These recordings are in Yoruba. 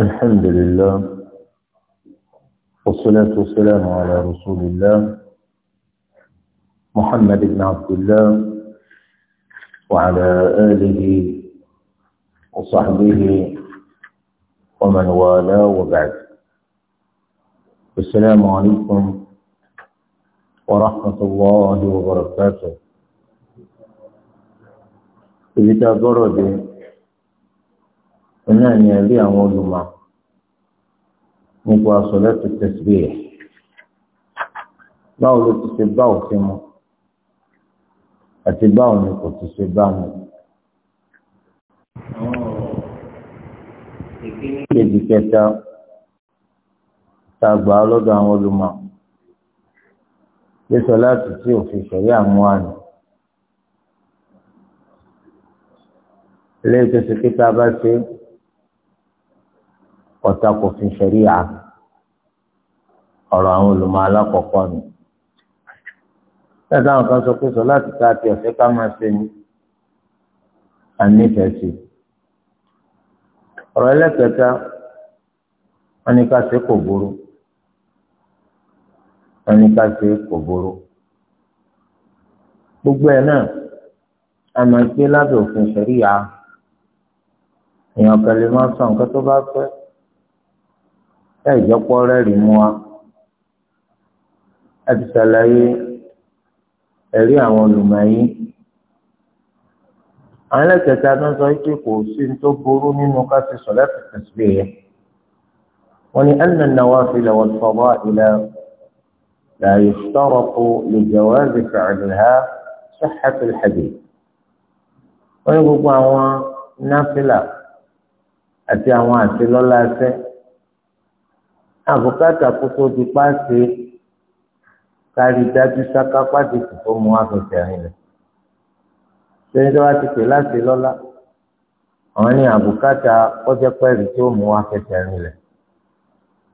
الحمد لله والصلاة والسلام على رسول الله محمد بن عبد الله وعلى آله وصحبه ومن والاه وبعد السلام عليكم ورحمة الله وبركاته إذا قرأت náà ni ẹ̀rí àwọn olùmọ̀ nípa sọ̀látù tasbih báwo ló ti ṣe bá òfin mu àti báwo ni kò ti ṣe bá mu. kejì kẹta ta gbà á lọ́dọ̀ àwọn olùmọ̀ pé sọ̀látù tí òfin ṣẹ̀rí àwọn àná. ilé ìtòsí kíkà bá ṣe é ọ̀tá kò fi ṣẹ̀ríà ọ̀rọ̀ àwọn olùmọ̀ alákọ̀ọ́kọ́ ni. Tẹ́tà àwọn kan sọ pé sọ láti ká àti ọ̀sẹ̀ ká máa ṣe ni a nífẹ̀ẹ́ sí. Ọ̀rọ̀ ẹlẹ́kẹta wọn ní ká ṣe kò burú. Wọn ní ká ṣe kò burú. Gbogbo ẹ̀ náà a máa gbé lábẹ́ òfin ṣẹ̀ríà. Èèyàn kan lè máa sọ nǹkan tó bá fẹ́ táì jọpọ̀ rẹ́rì mú wa láti ṣàlàyé ẹ̀rí àwọn olùmọ̀ọ́yé àwọn ẹlẹ́kẹ̀ẹ́ta tó ń sọ pé kò sí ní tó burú nínú ká ti sọ láti tẹ̀sílẹ̀ yẹn wọ́n ní ẹnna náwó àfilẹ̀ wọ́n fọwọ́ ilẹ̀ láàyè sọ̀rọ̀kù lè jẹ̀wọ́ ẹ̀rí fẹ̀rẹ̀lá sọ́hàtì hadith wọ́n ní gbogbo àwọn náfìlà àti àwọn àti lọ́lá ẹsẹ̀ àbùkátà kó tó di páàsì kárí dájú sáká pàdé tó mú àfẹsẹ̀ rìn lẹ̀. sẹ́yìn tó bá ti pè láti lọ́lá àwọn ní àbùkátà kọjá pẹ́ẹ́rì tó mú àfẹsẹ̀ rìn lẹ̀.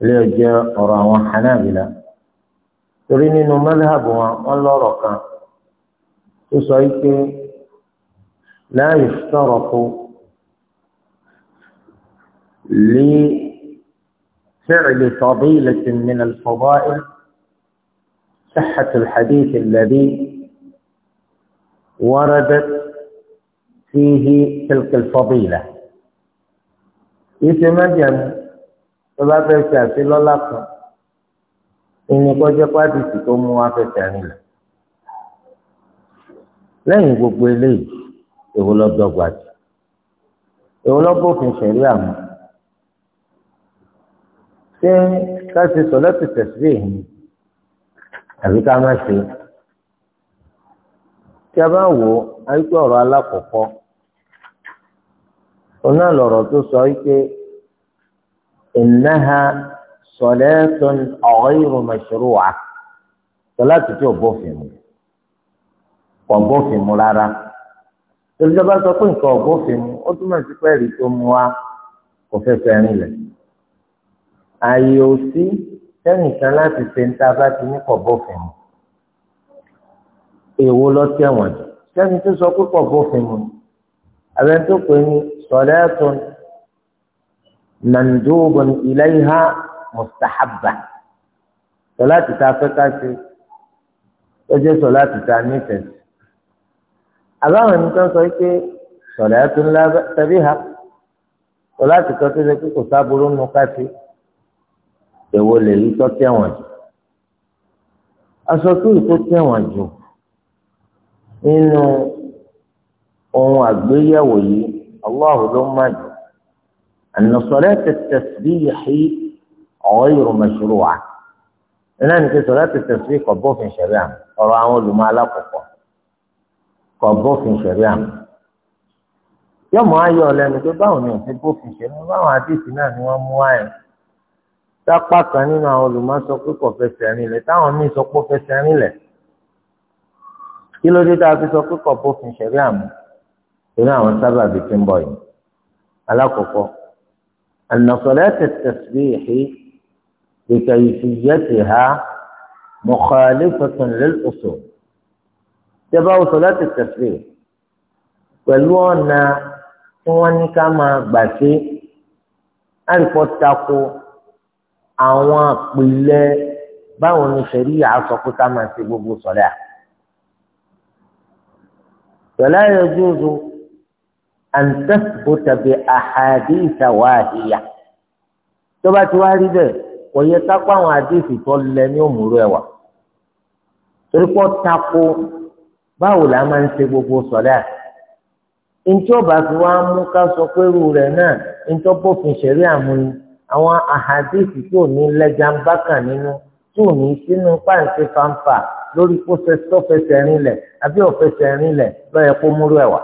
ilé ọjọ́ ọ̀rọ̀ àwọn Hanabila torí nínú mẹ́lẹ́hàbù wọn wọ́n lọ́rọ̀ kan tó sọ wípé láàyè sọ̀rọ̀ kó lé. فعل فضيلة من الفضائل صحة الحديث الذي وردت فيه تلك الفضيلة اسم جمع طلاب الشافعي الله إني قد قد تكون موافقة lẹ́yìn gbogbo لي èwo lọ dọ́gba jù èwo lọ bófin ṣé ká ṣe sọ̀lẹ́tì tẹ̀sílẹ̀ yìí ni àbí ká má ṣe tí a bá wò ó ayíkú ọ̀rọ̀ alákọ̀ọ́kọ́ oná lọ̀rọ̀ tó sọ wípé ìnáha sọ̀lẹ́tọ̀n ghayru mashru'a sọ̀láàtì tí ò bófin mu kò bófin mu rárá tòlítọ́ sọ pé nǹkan ò mu ó túmọ̀ sí pé ẹ̀rí tó mu wá kò fẹ́ fẹ́ rìn lẹ̀ ààyè ò sí sẹ́nìkan láti ṣe ń ta bá ti ní kọ̀ bófin mu èwo lọ tẹ̀wọ̀n jù sẹ́ni tó sọ pé kọ̀ bófin mu abẹ́ tó pè ní sọ̀lẹ́tún mandubun ilayha mustahabba sọlá ti ta afẹ́ká ṣe lọ́jọ́ sọlá ti ta nífẹ̀ẹ́ sí àbáwọn ẹni tó ń sọ pé sọ̀lẹ́tún la tabiha sọlá ti kọ́ tó ṣe pé kò sábúrú nù ká ṣe èwo lè yí tó tẹ̀wọ̀n jù aṣọ tó yí tó tẹ̀wọ̀n jù nínú ohun àgbéyẹ̀wò yìí Allahu ló má jù àná salati at-tasbih ghayru mashru'a iná ní kí salati at-tasbih kò bófin ṣẹ̀rí àmì ọ̀rọ̀ àwọn olùmọ̀ alákọ̀ọ́kọ́ kò ṣẹ̀rí àmì yọmọ ayọ̀ lẹ́nu pé báwo ni òfin bófin ṣẹ̀rí báwọn àdìsí náà ni wọ́n mú wáyà sápá kan nínú àwọn olùmọ̀ sọ pé kò fẹsẹ̀ rinlẹ̀ táwọn míì sọ pé ó fẹsẹ̀ rinlẹ̀ kí ló dé tá a fi sọ pé kò bófin ṣẹ̀rí àmú nínú àwọn sábàbí tí ń bọ̀ yìí alákọ̀ọ́kọ́ ànàfọ̀lẹ́ tẹ̀síbíyì بكيفيتها مخالفة للأصول تبع صلاة التسبيح pẹ̀lú ọ̀nà tí wọ́n ní ká máa gbà sí àríkọ́ tako àwọn àpilẹ̀ báwo ni sẹ̀ríyà sọ pé ká máa ṣe gbogbo sọ̀lẹ́ à. sọ̀lá yẹn dúró an tasbuta bi ahadisa wahiya tó bá ti wá rí bẹ́ẹ̀ kò yẹ kápá àwọn àdéhùn tó lẹ ní òmùrú ẹ̀wà torí pọ́ tako báwo la máa ń ṣe gbogbo sọ̀lá à ntí ọba fi wá mú ká sọ pé irú rẹ̀ náà ntí ọbọ̀fin ṣẹ̀rí àmúni àwọn àhàdìsì tí ò ní lẹ́jàmbá kan nínú tí ò ní sínú páǹtí fanfà lórí kó fẹsẹ̀ rinlẹ̀ àbí òfẹsẹ̀ rinlẹ̀ lọ́yẹ kó múrú ẹ̀wà.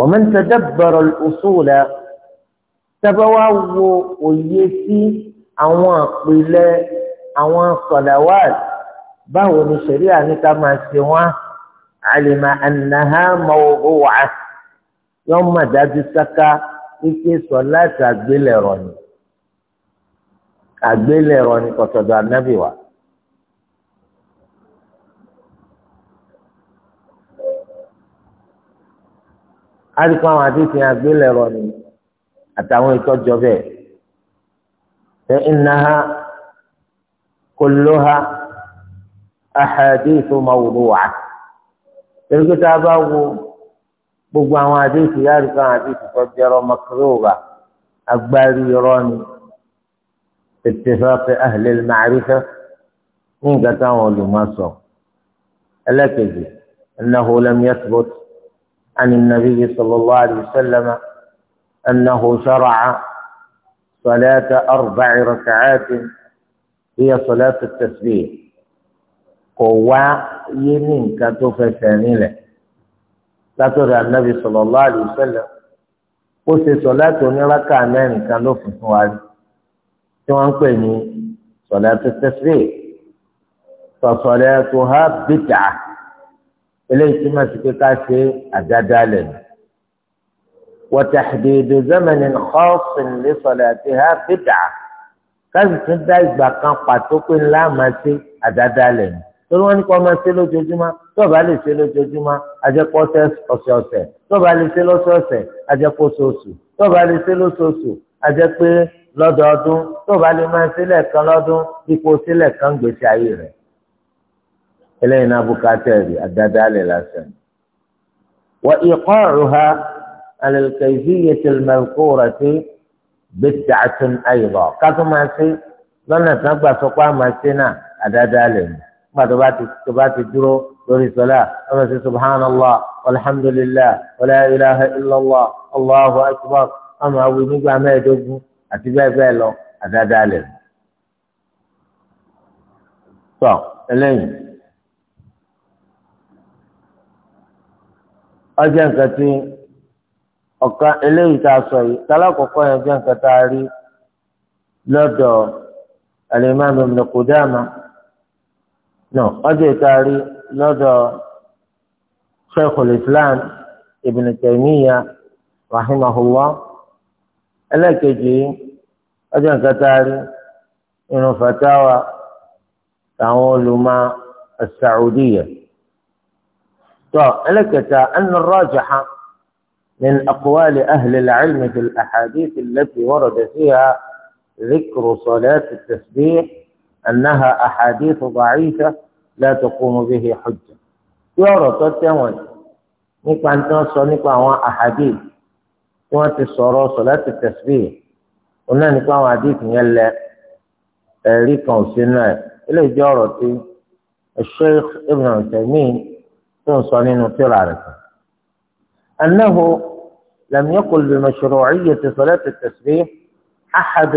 ومن تدبر الأصول tẹ́bẹ́wá wo òye sí àwọn àpilẹ̀ àwọn sọ̀làwàd báwo ni ṣẹ̀ríà ní máa ṣe wọ́n àlìmọ̀ ànàhà mọ̀wòwà yọ́n mà dájú sáká ike sọ láti àgbélẹ̀rọ ni àgbélẹ̀rọ ni kọ̀tọ̀dọ̀ ànábì wa. àdìpọ̀ àwọn àdìsí àgbélẹ̀rọ ni àtàwọn ìtọ́jọ́ bẹ́ẹ̀ ṣe innaha kulluha ahadithu mawdu'a. Èrìkítà bá wo. gbogbo àwọn àdéhùn yára kan àdéhùn tó jẹrọ makroba agbárí rọni ittifaq ahli al-ma'rifa ní nǹkan táwọn olùmọ̀sọ ẹlẹ́kẹ̀jì annahu lam yathbut an an-nabiy sallallahu alayhi wa sallam annahu shara'a salata arba'i raka'atin hiya salatu at-tasbih kò wá yé ní nǹkan tó fẹsẹ̀ nílẹ̀. látọ̀dọ̀ anabi sallallahu alaihi wasallam ó ṣe sọ̀láàtì oníraka mẹ́rin kan ló fún fún wa rí tí wọ́n ń pè ní sọ̀láàtì tẹ̀sílẹ̀ sọ̀sọ̀lẹ̀ tó há bìtà eléyìí tí màá ti pé ká ṣe àdádálẹ̀ wa tahdidu zamanin khassin li salatiha bìtà káàsì tún dá ìgbà kan pàtó pé ńlá màá ṣe àdádálẹ̀ ni torí wọn ní kó máa ṣe lójoojúmọ́ tó bá lè ṣe lójoojúmọ́ àjẹpọ̀ ọ̀sẹ̀ọ̀sẹ̀ tó bá lè ṣe lọ́sọ̀ọ̀sẹ̀ àjẹpọ̀ oṣooṣù tó bá lè ṣe lóṣooṣù àjẹpẹ́ lọ́dọọdún tó bá lè máa ṣe lẹ́ẹ̀kan lọ́dún dípò ṣe lẹ́ẹ̀kan gbèsè ayé rẹ̀ eléyìí náà bukátẹ́rì àdádálẹ̀ lásán. wà ìkọ́ ọ̀rùha alẹ́kẹ̀yìí yẹ ti mẹ́kó rẹ̀ sí bẹ́tẹ̀ àtúnayìnbọ̀ ká tó máa ṣe lọ́nà tó gbà àmà gbàtọ́ bá ti tó bá ti dúró lórí sọlá ọmọ sí subhanallah alhamdulillah wàlá ilaha illallah allahu akbar ọmọ awi nígbà mẹ́ẹ̀ẹ́dógún àti bẹ́ẹ̀ bẹ́ẹ̀ lọ àdáadáa lẹ̀. tọ́ ẹlẹ́yìn ọjọ́ nǹkan tí ọ̀kan eléyìí tá a sọ yìí tálákọ̀ọ́kọ́ yẹn jẹ́ nǹkan tá a rí lọ́dọ̀ al-imam ibn Qudama. nà ọjọ́ ìtaari lọ́dọ̀ sheikhul islam ibn taymiya rahimahullah ẹlẹ́kejì ọjọ́ ìkẹtaari inú fatawa táwọn olùmọ̀ as-saudiya tó ẹlẹ́kẹta anna rajaha. من أقوال أهل العلم في الأحاديث التي ورد فيها ذكر صلاة التسبيح أنها أحاديث ضعيفة لا تقوم به حجة يورو تتوان نقع أنت نصر نقع أحاديث ثم تصور صلاة التسبيح قلنا نقع حديث يلا ريكون سنة إلى جارتي الشيخ ابن عثيمين تنصر نصر عرفه أنه لم يقل بمشروعية صلاة التسبيح أحد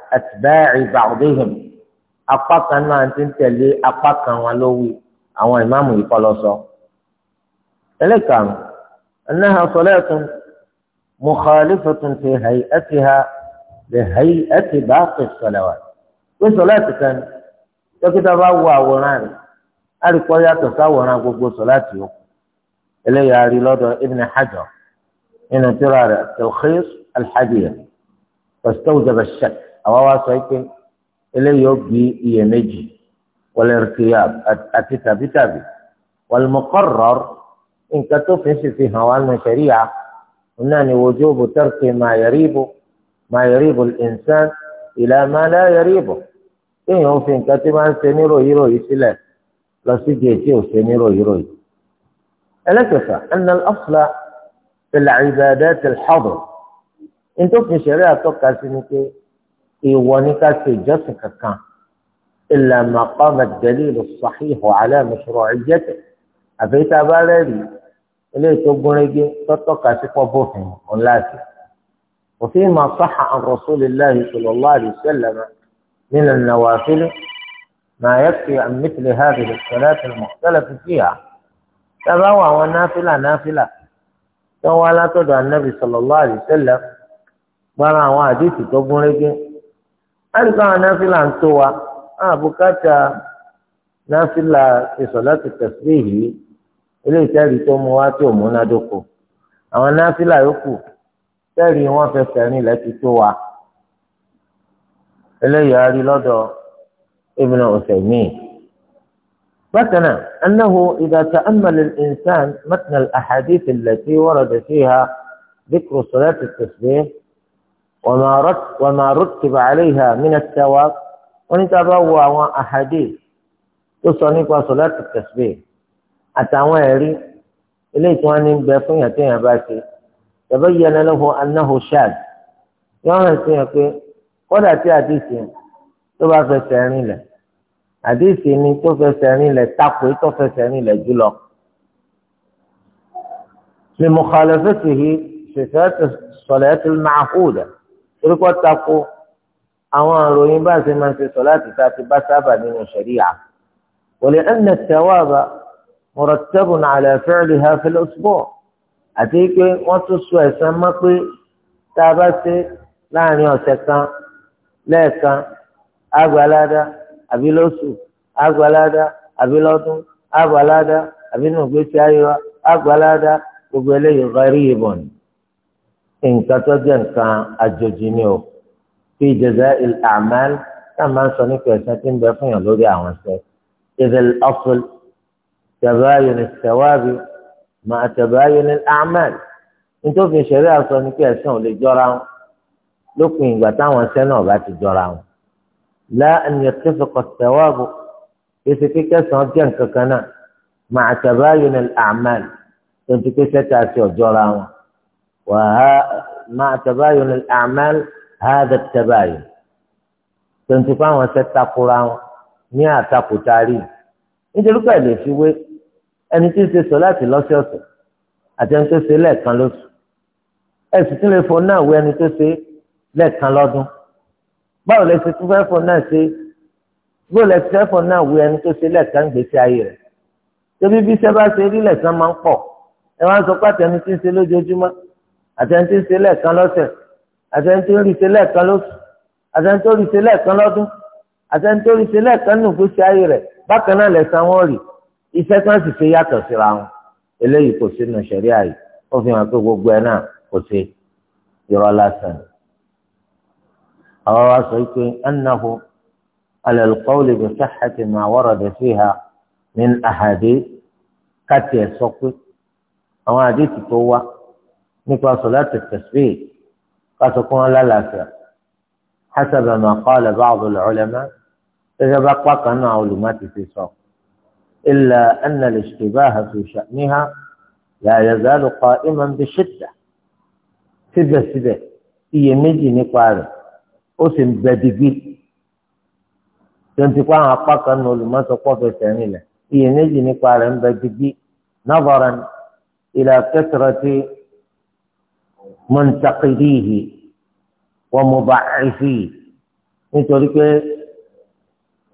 atba'i ba'dihim apá kan náà ti ń tẹ̀lé apá kan wọn lówì àwọn ìmáàmù yìí kọ́ lọ sọ. ẹlẹ́kàrún annaha salatun mukhalifatun fi hay'atiha li hay'ati baqi as-salawat pé sọláàtì kan dókítà bá wo àwòrán rẹ̀ àríkọ́ yàtọ̀ sáwòrán gbogbo sọláàtì yòókù eléyà rí lọ́dọ̀ Ibn Hajar nínú tírà rẹ̀ at-Talkhis al-Hadith fastawjaba ash-shakk. àwa wá sọ pé eléyìí ó bí iyèméjì wọlé rìkìyà àti tàbítàbí wàlùmọ́kọ́rọ̀ nǹkan tó fi ń sì fi hàn wá nù sẹ́ríyà náà ni wujubu tarki ma yẹrí ibò máa yẹrí ibò ìnsán ìlà ma lá yẹrí ibò kéèyàn ó fi nǹkan tí máa ń ṣe níròyìn ròyìn sílẹ̀ lọ sí di etí ò ṣe níròyìn ròyìn. ẹlẹ́kẹ̀fà ẹnna ọ̀fla ìlà ìbàdàn ti xọ́dọ̀ sile lo si di ti ṣẹ̀rí ni ro àtọ́ka xodo fi seri atoka kasi ni ke èèwọ̀ ní ká ṣe ìjọsìn kankan illa ma qama ad-dalil as-sahih ala mashru'iyyatihi àfẹ́tà bá rẹ́rì eléyìí tó gúnrégé tọ́tọ́ka sí pọ́bọ́fin ọ̀làsì òfin ma sahha an rasulillahi sallallahu alayhi wa sallam min an-nawafil ma yakfi an mithli hadhihi tábà wà àwọn náfìlà náfìlà tó wá látọ̀dọ̀ annabi sallallahu alayhi wa àwọn àdìsí tó gúnrégé. àlùfáà náfìlà ń tó wa àbùkátà náfìlà ìsọ̀láti tẹ̀sílẹ̀ yìí eléyìí tẹ́rì tó mu wá tí ò múnádóko àwọn náfìlà yòókù tẹ́rì wọn fẹsẹ̀ rìn lẹ́tí tó wa eléyìí a rí lọ́dọ̀ Ibn Uthaymeen. مثلا أنه إذا تأمل الإنسان متن الأحاديث التي ورد فيها ذكر صلاة التسبيح wàmà rútìbà àlẹ́yà mínàtàwá wọ́n ní sábà wo àwọn àhàdé tó sọ nípa sọ̀láàtì tẹ̀síbẹ̀ àtàwọn ẹ̀rí eléyìí tí wọ́n ní bẹ fún yàtọ̀ yàn bá ṣe yàtọ̀ yẹn lọ́wọ́ anáhùn ṣáàd yọ hàn sí yàn pé kódà tí àdìsí tó bá fẹsẹ̀ rìn lẹ̀ àdìsí ni tó fẹsẹ̀ rìn lẹ̀ takò tó fẹsẹ̀ rìn lẹ̀ jùlọ. لمخالفته صفات الصلاة المعقودة torí kọ́ tako àwọn àròyìn bá ṣe máa ṣe sọ láti ta ti bá sábà nínú ṣẹ̀ríà ولأن الثواب مرتب على فعلها في الأسبوع àti pé wọ́n tún so ẹ̀san mọ́ pé tá a bá ṣe láàrin ọ̀sẹ̀ kan lẹ́ẹ̀kan àgbàládá àbí lóṣù àgbàládá àbí lọ́dún àgbàládá àbí nùgbésí ayé wa àgbàládá ni nǹkan tó jẹ́ nǹkan àjòjì ni o fi jaza'il a'mal náà máa ń sọ nípa ẹ̀sán tí ń bẹ fún yàn lórí àwọn ṣẹ́ idhil asl tabayun as-sawabi ma'a tabayun al-a'mal nítorí ìṣẹ̀rí àṣọ ni pé ẹ̀sán ò lè jọra wọn lópin ìgbà táwọn ṣẹ́ náà bá ti jọra wọn. la an yattafiqa as-sawabu èsì jẹ́ nǹkan kan náà ma'a tabayun al-a'mal tó ti pé sẹ́ta ومع تباين الأعمال هذا التباين tontì pé àwọn ṣe takora wọn ní àtakùtàrí nítorí pé lè fi wé ẹni tí ń ṣe sọ láti lọ́sọ̀ọ̀sẹ̀ àti ẹni tó ṣe lẹ́ẹ̀kan lóṣù ẹ̀sùn tí lè fọ náà wé ẹni tó ṣe lẹ́ẹ̀kan lọ́dún báwo lè ṣe tún fẹ́ fọ náà ṣe bó lè ṣe fọ náà wé ẹni tó ṣe lẹ́ẹ̀kan gbèsè ayé rẹ̀ tóbi bí sẹ́ bá ṣe rí lẹ́ẹ̀kan máa ń pọ̀ ẹ wá sọ pé àtẹni tí ń ṣe lójoojúmọ́ àtẹnudí ń ṣe lẹ́ẹ̀kan lọ́sẹ̀ àtẹnudí ń rí ṣe lẹ́ẹ̀kan lóṣù àtẹnudí ń rí ṣe lẹ́ẹ̀kan lọ́dún àtẹnudí ń rí ṣe lẹ́ẹ̀kan nínú ìgbésí ayé rẹ̀ bákan náà lẹ̀sán wọn rì iṣẹ́ tí wọ́n sì ṣe yàtọ̀ síra wọn eléyìí kò sínú ṣẹ̀ríà yìí ó fi hàn pé gbogbo ẹ̀ náà kò sí irọ́ lásán. àwọn wa sọ pé ẹnnahu alẹ́lùkọ́wìlì bí sáxàtì máa wọ́rọ̀ dé sí ha ní àhàdé káàtì ẹ̀ sọ pé àwọn àdéhùn tó wá. نقرا صلاه التسبيح قد تكون لا لا فيها. حسب ما قال بعض العلماء اذا بققنا علومات في صوت الا ان الاشتباه في شانها لا يزال قائما بشده سده سده هي نجي نقرا اسم بدبي تنتقى اقاقا علومات قوة ثانية هي نجي نقرا بدبي نظرا الى كثره mọ̀ntàkìdìhì wọ́n mú bá àìsí nítorí pé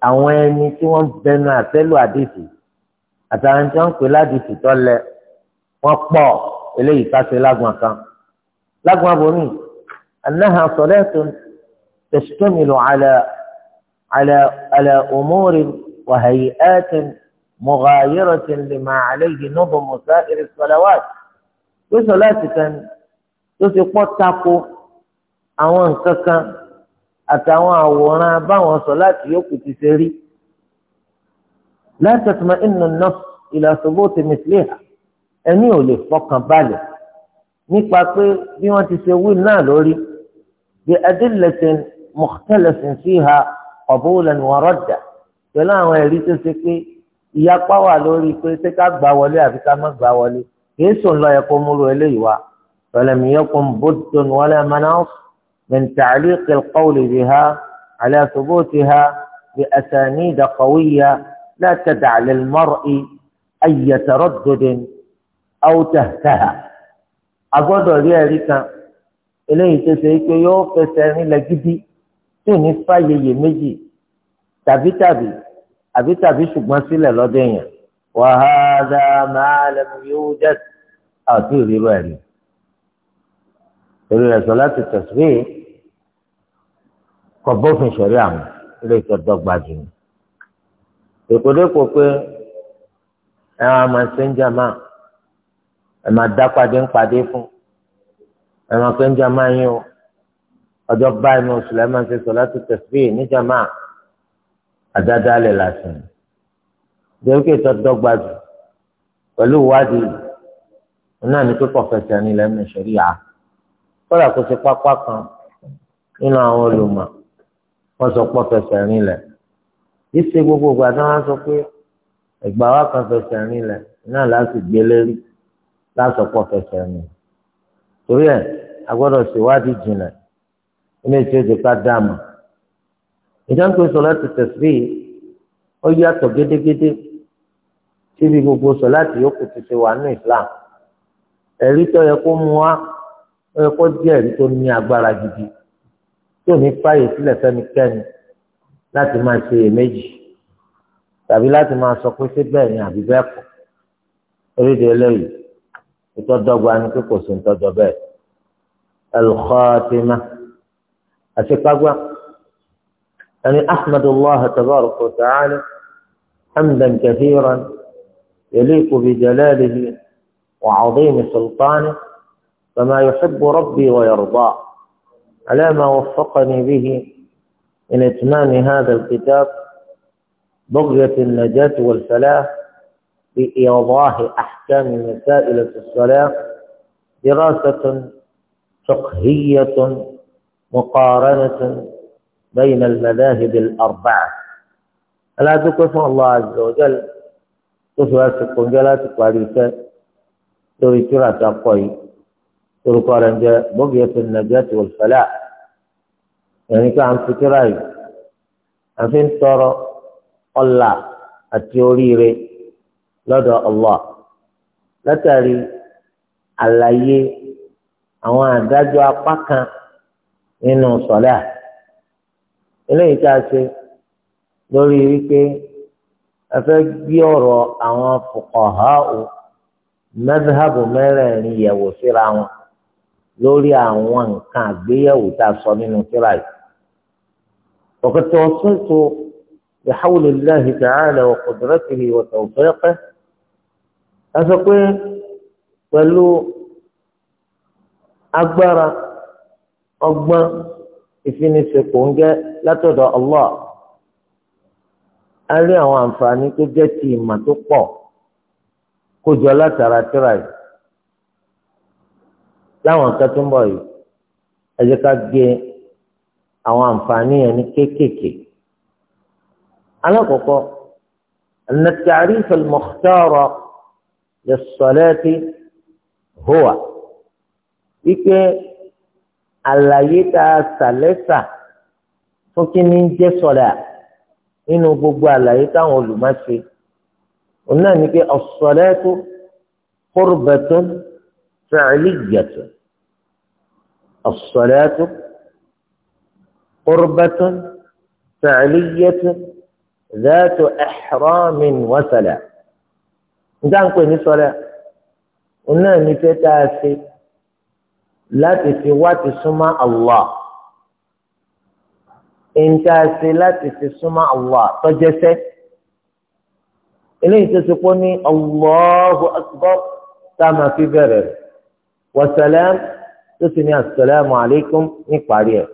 àwọn ẹni tí wọ́n bẹnu àtẹ́lù àdìsí àtàwọn tí wọ́n ń pè ládìsí tọ́lẹ wọ́n pọ̀ eléyìí káṣe lágbọ̀n kan lágbọ̀n abomi anáhà sọ̀rẹ́tò tẹ̀sítọ́mìlò àlẹ́ àlẹ́ àlẹ́ òmóore wàhàyí ẹ̀ẹ́tẹ̀ mọ̀gáyẹ̀rọ̀ tẹ̀lé màálẹ́ yìí nọ́bọ̀ mọ̀sá ìrẹsọ̀lẹ́wàá gbèsò láti tẹ̀lé tó ti pọ́ tako àwọn nǹkan kan àtàwọn àwòrán báwọn sọ láti yókù ti ṣe rí la tatma'innu an-nafs ila thubuti mithliha ẹni ò lè fọkàn balẹ̀ nípa pé bí wọ́n ti ṣe wí náà lórí bi adillatin mukhtalasin fiha qabulan wa radda pẹ̀lú àwọn ẹ̀rí tó ṣe pé ìyapa wà lórí pé ṣé ká gbà wọlé àbí ká má gbà wọlé kìí sùn lọ ẹ̀kọ́ múlu eléyìí wá فلم يكن بد ولا مناص من تعليق القول بها على ثبوتها بأسانيد قوية لا تدع للمرء أي تردد أو تهتها أقول لي ريكا إليه تسيك يو تساني لجدي توني فاية يمجي تبي تبي أبي تبي شكما سيلة لدينا وهذا ما لم يوجد أتوري بالي torí rẹ̀ sọ láti tẹ̀síwé kọ bófin ṣẹ̀rí àmọ́ ilé ìtọ́jọ́ gbajù ni. èkódékò pé ẹ máa máa ṣe ń jàmá ẹ máa dá padé ń padé fún ẹ máa pé ń jàmá yín o ọjọ́ báyìí ní oṣù lẹ́ẹ̀ ṣe sọ láti tẹ̀síwé ní jàmá àdádálẹ̀ lásán. ìjọba kí ìtọ́jọ́ gbajù pẹ̀lú ìwádìí náà ní pípọ̀ fẹsẹ̀ ní lẹ́nu ìṣẹ̀rí kọ́dà kó ṣe pápá kan nínú àwọn olùmọ̀ wọ́n sọ pọ́ fẹsẹ̀ rinlẹ̀ yìí ṣe gbogbo ìgbà tí wọ́n sọ pé ẹ̀gbà wa kan fẹsẹ̀ rinlẹ̀ náà láti gbé lérí láti pọ́ fẹsẹ̀ rìn torí ẹ̀ a gbọ́dọ̀ ṣèwádìí jìnà ilé tí ó dáàmú ìdáǹkó sọlá ti tẹ̀sí ó yàtọ̀ gédégédé síbi gbogbo sọlá tí yókù ti ṣe wà ní Islam ẹ̀rí tó yẹ kó mu wá ó yẹ kó jẹ́ ẹ̀rí tó ní agbára gidi tí ò ní fàyè sílẹ̀ fẹ́nikẹ́ni láti máa ṣe èméjì tàbí láti máa sọ pé ṣé bẹ́ẹ̀ ni àbí bẹ́ẹ̀ kọ́ orílẹ̀ eléyìí ìtọ́dọ́gba ni pé kò sí ìtọ́jọ́ bẹ́ẹ̀ al-khatima àṣekágbá ẹni ahmadullah tabaraka wa hamdan kathiran yaliqu bi jalalihi wa 'azimi sultanihi. فما يحب ربي ويرضى على ما وفقني به من إتمام هذا الكتاب بغية النجاة والفلاح بإيضاح أحكام مسائل الصلاة دراسة فقهية مقارنة بين المذاهب الأربعة ألا تكفر الله عز وجل تسوى سكون جلاتك وعليك تريد ترى تقوي orúkọ rẹ̀ ń jẹ́ bọ́ọ̀gì ẹ̀fọ́ nàjẹ́tì wọ̀lfẹ́lá ẹ̀rín ká à ń fitíra yìí à ń fi ń tọrọ ọ̀la àti oríire lọ́dọ̀ Allah látàrí àlàyé àwọn àdájọ́ apá kan nínú sọ̀lá eléyìí tá a ṣe lórí wípé a fẹ́ gbé ọ̀rọ̀ àwọn fuqaha'u madhhabu mẹ́rẹ̀ẹ̀rin yẹ̀wò síra wọn. lórí àwọn nǹkan àgbéyẹ̀wò tá sọ nínú tírà yìí. وقد توصلت بحول الله تعالى وقدرته sọ pé pẹ̀lú agbára ọgbọ́n ìfiniṣekòǹgẹ́ látọ̀dọ̀ Allah a rí àwọn àǹfààní tó jẹ́ ti ìmọ̀ tó pọ̀ kó láwọn nǹkan tó ń bọ̀ yìí ẹ jẹ́ ká gé àwọn àǹfààní yẹn kéékèèké. alákọ̀ọ́kọ́ أن التعريف المختار للصلاة هو ike àlàyé tá a sàlẹ́sà fún kí ni jẹ́ sọ̀lá nínú gbogbo àlàyé táwọn olùmọ̀ṣe òun náà ní pé as-salatu qurbatun fi'liyyatun الصلاة قربة فعلية ذات إحرام وسلام nígbà ń pè ní sọlẹ òun náà ní fẹ́ tá a ṣe láti fi wá ti súnmọ́ Allah èyí tá a ṣe láti fi súnmọ́ Allah tọjẹsẹ eléyìí tó ti pọ ní Allahu akbar tá a máa fi bẹ̀rẹ̀ wa salam tó sì ní asalaamu alaykum ní parí ẹ̀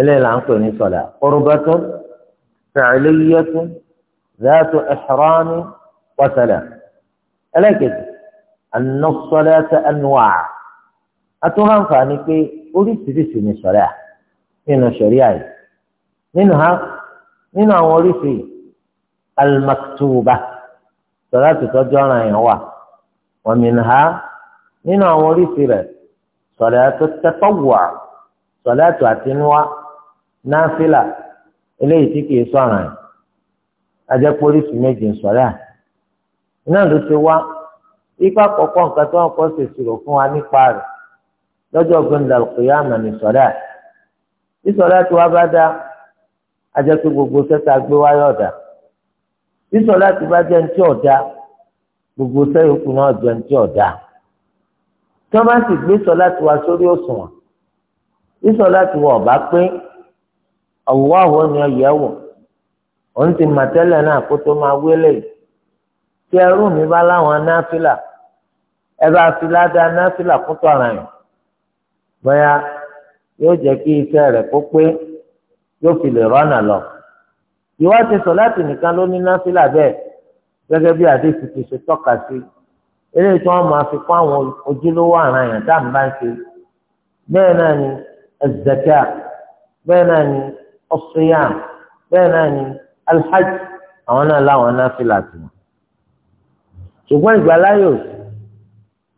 eléyìí là ń pè ní sọlá qurbatun fi'liyyatun zaatu ihraami wa salaam ẹlẹ́kẹ̀tì anna salata anwaa atúnhànfààní pé oríṣiríṣi ní sọlá nínú sẹ̀ríà yìí nínú ha nínú àwọn oríṣi almaktuba sọlá tó tọ́jú yẹn wà wa minha nínú àwọn oríṣi rẹ̀. sọ̀láàtù tẹ́tọ́wà sọ̀láàtù àtinúwá náfìlà eléyìí tí kìí sọ̀ràn ẹ̀ ajẹ́ pólísì méjì iná ló ti wá ipa kọ̀ọ̀kan nǹkan tí wọ́n kọ́ sí ìṣirò fún wa nípa rẹ̀ lọ́jọ́ gbẹ̀ndà kìyàmà ní sọ̀rọ̀ à àti wá gbogbo sẹ́ta gbé wáyé ọ̀dà àti bá jẹ́ gbogbo sẹ́yìn náà jẹ́ tí wọ́n bá sì gbé sọ láti wá sórí òṣùwọ̀n bí sọ láti wọ ọba pé ọ̀wọ́ àwọn ni ọ̀yẹ́ wọ̀ òun ti mà tẹ́lẹ̀ náà kó tó máa wélé tí ẹrú mi bá láwọn náfìlà ẹ bá fi ládàá náfìlà kún ara yìí bóyá yóò jẹ́ kí iṣẹ́ rẹ̀ kó pé yóò fi lè rọ́nà lọ. ìwádìí sọ láti nìkan ló ní náfìlà bẹ́ẹ̀ gẹ́gẹ́ bí àdéhùn ti ṣe tọ́ka sí i. eléyìí tí wọ́n máa fi kọ́ àwọn ojúlówó àrùn àyàn tá à ń bá ń ṣe bẹẹ náà ni ẹ̀zẹ̀kẹ́ bẹ́ẹ̀ náà ni ọ̀ṣìyà bẹ́ẹ̀ náà ni alhaj àwọn náà láwọn náà fi ṣùgbọ́n ìgbàláyò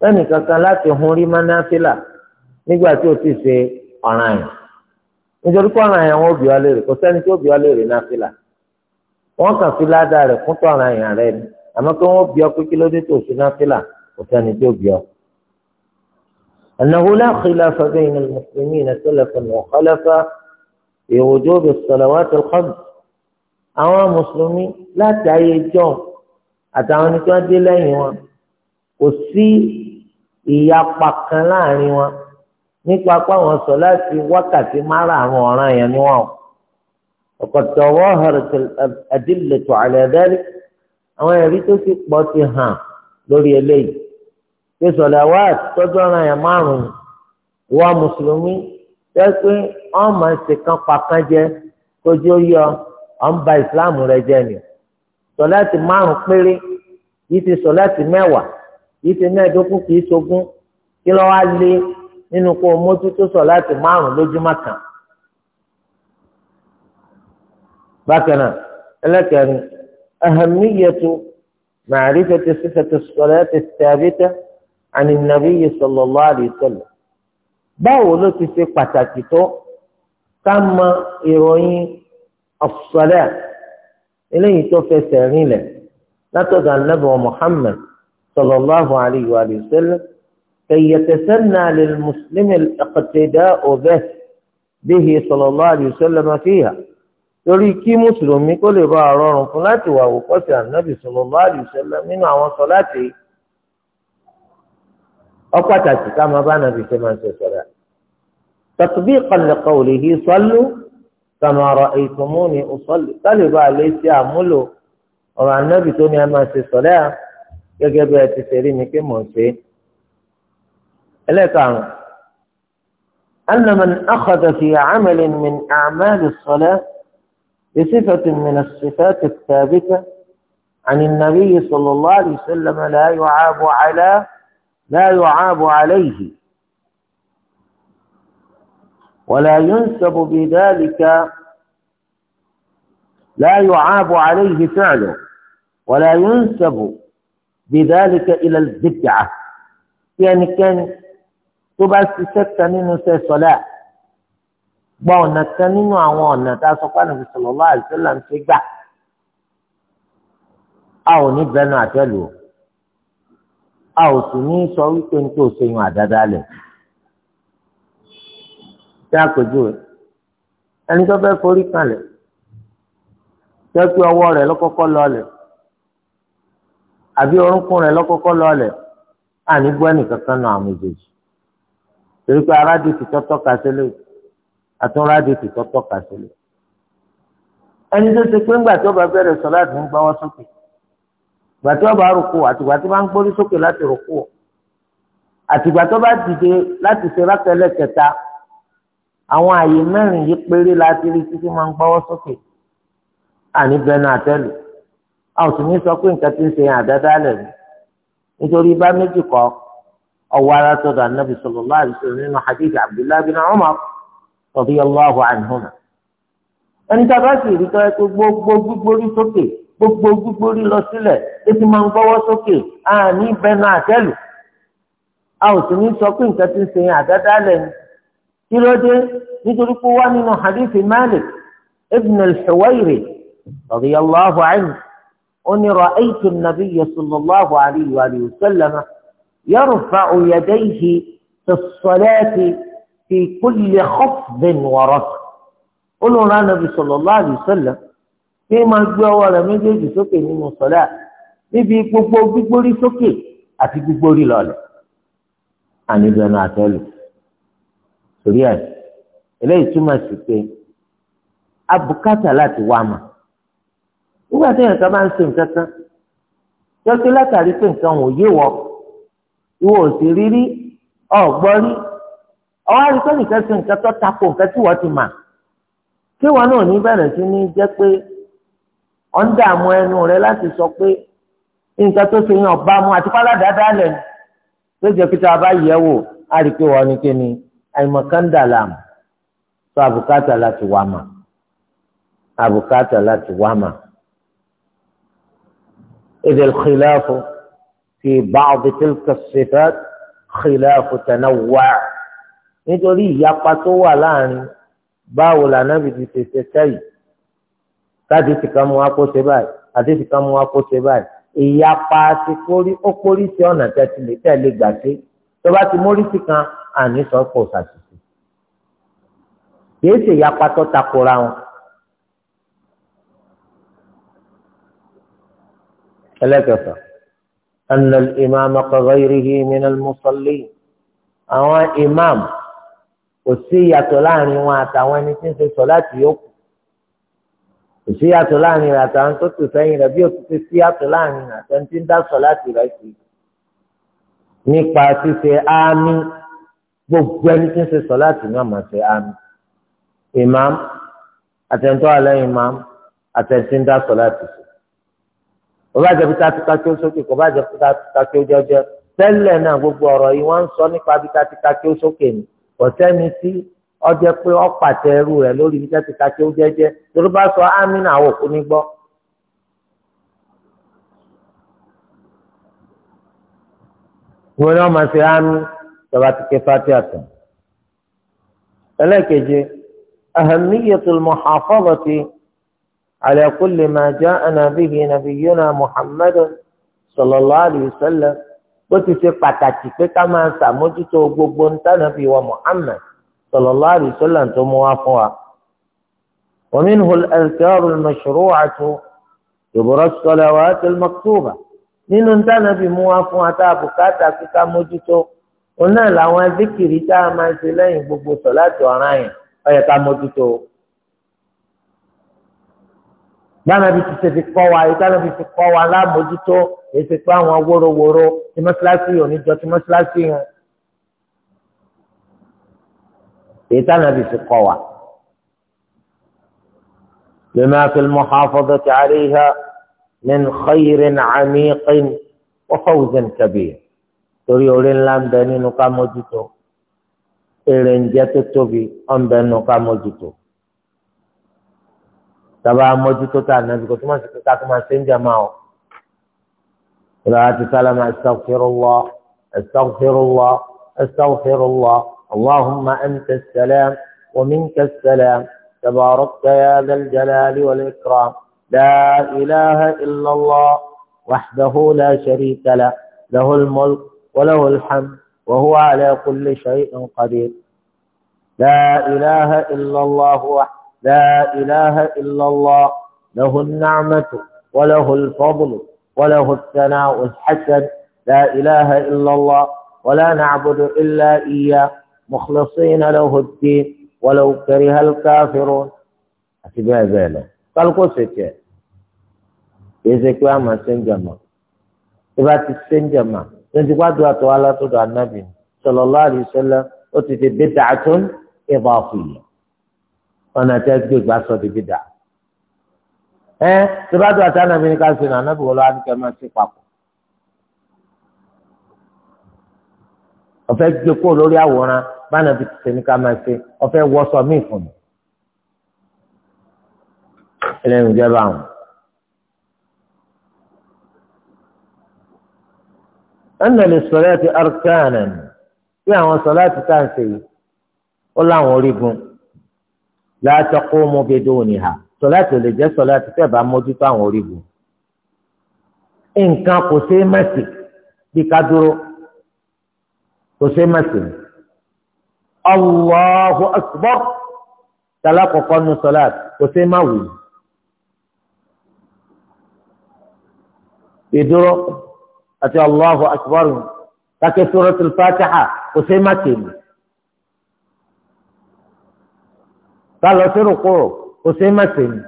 lẹ́nu kankan láti hun rí máa nígbà tí o ti ṣe ọ̀ràn nítorí àmọ́ kí wọ́n bí ọ pé kí ló dé tó ṣe náfìlà kò sẹ́ni tó bí ọ. أنه لا خلاف بين المسلمين سلفا وخلفا في وجوب الصلوات الخمس àwọn mùsùlùmí láti ayé jọ àtàwọn ẹni tí wọn dé lẹ́yìn wọn kò sí ìyapa kan láàrin wọn nípa páwọn sọ láti wákàtí márààrún ọ̀ràn yẹn ni wọn. وقد تظاهرت الأدلة على ذلك àwọn ẹ̀rí tó ti pọ̀ ti hàn lórí eléyìí pé sọ̀làwà tọ́jú ọ̀ràn yẹn márùn-ún ìwà mùsùlùmí jẹ́ pé wọ́n máa ń ṣèkan pàkan jẹ kójú yọ ọ̀n ba ìsìláàmù rẹ jẹ ni sọ̀láàtì márùn-ún péré yìí ti sọ̀láàtì mẹ́wàá yìí ti mẹ́ẹ̀ẹ́dógún kìí ṣogún kí lọ́wọ́ á lé nínú kó mójútó sọ̀láàtì márùn-ún lójúmọ́ bákan náà ẹlẹ́kẹ̀rin أهمية معرفة صفة الصلاة الثابتة عن النبي صلى الله عليه وسلم باو لوتي سي باتاكي تو كاما إيروين الصلاة إليه تو في سرينة نتوضى النبي محمد صلى الله عليه وآله وسلم كي يتسنى للمسلم الاقتداء به به صلى الله عليه وسلم فيها torí kí mùsùlùmí kó lè bá rọrùn fún láti wà wò kọ́sì ànábì sallallahu alaihi wasallam nínú àwọn sọ láti ọpàtàkì ká máa bá ànábì ṣe máa ń ṣe sọ̀rọ̀ tatbiqan li qawlihi sallu kama ra'aytumuni usalli tó ní lè máa ṣe àmúlò ọ̀rọ̀ ànábì tó ní a máa ṣe sọ̀rọ̀ gẹ́gẹ́ bí ẹ ti ṣe rí ni pé mò ń ṣe. ẹlẹ́karùn-ún anna man akhadha fi amalin min a'mali as-salah بصفة من الصفات الثابتة عن النبي صلى الله عليه وسلم لا يعاب على لا يعاب عليه ولا ينسب بذلك لا يعاب عليه فعله ولا ينسب بذلك إلى البدعة يعني كان تبقى ستة منه صلاة gba ọ̀nà kan nínú àwọn ọ̀nà tá a sọ pé ànàbì sallallahu ń ṣe gbà a ò ní bẹnu àtẹ́lù a ò sì ní sọ wípé ní tó àdáadáa lẹ̀ tí a kò ẹni tó fẹ́ forí kanlẹ̀ jẹ́ pé ọwọ́ rẹ lọ́kọ́kọ́ lọ́ọ̀lẹ̀ àbí orúnkún lọ́kọ́kọ́ kankan pé ti tọ́tọ́ ka àtúnrádìí ti tọ́tọ́ kà sílẹ̀ ẹni tó ti pé ńgbà tí ọba bẹ̀rẹ̀ sọ láti ń gbọ́wọ́ sókè gbà tí ọba rúkú àtìgbà tí wọ́n ń gbórí sókè láti rúkú àtìgbà tó bá dìde láti ṣe rákẹ́lẹ̀ kẹta àwọn àyè mẹ́rin yìí péré láti rí títí máa ń gbọ́wọ́ sókè àní bẹnu àtẹ́lù a ò sì ní sọ pé nǹkan ti ń ṣe àdáda lẹ̀ nítorí bá méjì kọ ọwọ́ ara sọ̀dọ̀ ànábì sallallahu alaihi wasallam nínú hadith Abdullahi bin Umar رضي الله عنهما أنت باسي بكاتو بوك بوك بوك بوك سوكي بوك بوك بوك بوك لسلة إتمان بوا سوكي آني بنا كالو أو سمي سوكي كتن سيئة داد علم كيلو دي نجري قوانين حديث مالك ابن الحويري رضي الله عنه أني رأيت النبي صلى الله عليه وآله وسلم يرفع يديه في الصلاة fi kulli khafdin wa ratb olùrànà Ànábì sallallahu alaihi wasallam kí máa gbé ọwọ́ rẹ̀ méjèèjì sókè nínú sọlá níbi gbogbo gbígbórí sókè àti gbígbórí lọlẹ̀ àníbẹnu àtẹlù torí ẹ eléyìí túmọ̀ sí pé abùkátà láti wá mà nígbà tí nǹkan bá ń ṣe nǹkan tán jọ́sí látàrí pé nǹkan ò yé wọ ìwọ ò sì rírí ọ̀gbọ́n rí ọwọ́ àdìsọ́ nìkan sí nǹkan tó tako nǹkan tí wọ́n ti mà kí wọn náà ní bẹ̀rẹ̀ sí ní jẹ́ pé ọ̀ ń dààmú ẹnu rẹ láti sọ pé nǹkan tó ṣe yàn bá mu àti pálá dáadáa lẹ̀ tó jẹ́ pété abá yẹ̀ wò á wọ́n ní kí ni àìmọ̀kàndà làm tó àbùkátà láti wá mà àbùkátà láti wá mà. إذ الخلاف في بعض تلك الصفات خلاف تنوع nítorí ìyapa tó wà láàrin báwo lànàbì ti ṣẹṣẹ sẹ́yìn káàdì ti kan mú wa kó ṣe báyìí àti ti kan mú wa kó ṣe báyìí ìyapa ti kórí ó kórí sí ọ̀nà tẹ̀sí lè tẹ̀lé gbà ṣe tó bá ti mórí sí kan àní sọ pọ̀ ṣàṣìṣe kìí ṣe ìyapa tó takora wọn. ẹlẹ́kẹ̀fà anna al-imam ka ghayrihi min al-musallin àwọn imam kò sí ìyàtọ̀ láàrin wọn àtàwọn ẹni tí ń ṣe sọ láti yókù kò sí ìyàtọ̀ láàrin rẹ̀ àtàwọn tó tù sẹ́yìn rẹ̀ bí òtútù sí ìyàtọ̀ láàrin rẹ̀ àtàwọn tí ń dá sọ láti rẹ̀ sí nípa ṣíṣe ámì gbogbo ẹni tí ń ṣe sọ láti ní ọmọ ṣe ámì imam àtẹ̀ntọ́ alẹ́ imam àtẹ̀ntí ń dá sọ láti ṣe kò bá jẹ bí tátíkà kí ó sókè kò bá jẹ bí tátíkà kí ó jẹjẹ tẹ́lẹ̀ náà gbogbo ọ̀rọ̀ yìí wọ́n ń sọ nípa bí tátíkà kí ó sókè ni kọ̀sẹ́ni tí ọjọ́ pé ọ pàtẹ ẹrú rẹ̀ lórí ibi tẹ́tí kàkí ó jẹ́jẹ́ torí bá sọ amínà àwọn òkú ní gbọ́. wọn ni wọn máa ṣe ámì tọba ti ké fati àtàn. ẹlẹ́kẹ̀jẹ ahamiyyatul muhafazati ala kulli ma ja'ana bihi nabiyyuna muhammadun sallallahu alayhi wa sallam bó ti ṣe pàtàkì pé ká máa ṣàmójútó gbogbo ntànàbí wa Muhammad sallallahu alaihi wasallam tó mú wá fún wa. wa minhu al-adhkar al-mashru'atu dubura as-salawat al-maktuba nínú ntànàbí mú wá fún wa tá a bùkátà pé ká mójútó òun náà làwọn adékìrì tá a máa ṣe lẹ́yìn gbogbo sọ̀láàtì ọ̀ranyàn ó yẹ ká mójútó o. dáná bí ti ṣe fi kọ́ wa ìta ló fi fi kọ́ wa lámòjútó èsì pé àwọn wóróworó tí mọ́ṣáláṣí yìí ò ní jọ tí mọ́ṣáláṣí yìí ìta ló fi fi kọ́ wa. بما في المحافظة عليها من خير عميق وفوز كبير torí orí ńlá ń bẹ nínú ká mójútó èrè ń jẹ tó tóbi ọ̀ nínú ká mójútó. sábà mójútó tá ànábì kò túmọ̀ sí kíkà tó máa ṣe ń jàmá o. ìlà àti sálámà astaghfirullah astaghfirullah astaghfirullah allahumma anta as-salam wa minka as-salam tabarakta ya dhal jalali wal ikram la ilaha illa allah wahdahu la sharika lah lahul mulk wa lahul hamd wa huwa ala kulli shay'in qadir la ilaha illa allah لا إله إلا الله له النعمة وله الفضل وله الثناء الحسن لا إله إلا الله ولا نعبد إلا إياه مخلصين له الدين ولو كره الكافرون أتبع ذلك قال قصة يزكي ما سنجمع إذا تسنجمع سنجمع دعا طوالة تدعى النبي صلى الله عليه وسلم وتتبع بدعة إضافية ọ̀nà tí ẹ ti gbé gbà sọ di bídà ẹ tìbátò àti ànàbí ni ká ṣe nà ànàbí wọlé wa ni kẹ máa ṣe papọ̀ ọ̀fẹ́ gbé kó lórí àwòrán báńà fi tètè ní ká máa ṣe ọ̀fẹ́ wọ́sọ míì fún mi ẹlẹ́nu ìjọba àwọn. ẹnna lè sọ̀rọ̀ ẹ ti arkanan bí àwọn sọ̀rọ̀ ẹ ti yìí ó láwọn orígun la taqumu biduniha sọláàtì ò lè jẹ́ sọláàtì tẹ́ bá mójútó àwọn orígun. nǹkan kò ṣeé mẹ̀sì bí ká dúró kò ṣeé mẹ̀sì. Allahu akbar tala kọ̀kọ́ nu sọláàtì kò ṣeé má wù. ìdúró àti Allahu akbar kàkẹ́ suratul Fatiha kò ṣeé má kéwì. ká lọ sí rúkú kò sí má ṣe ni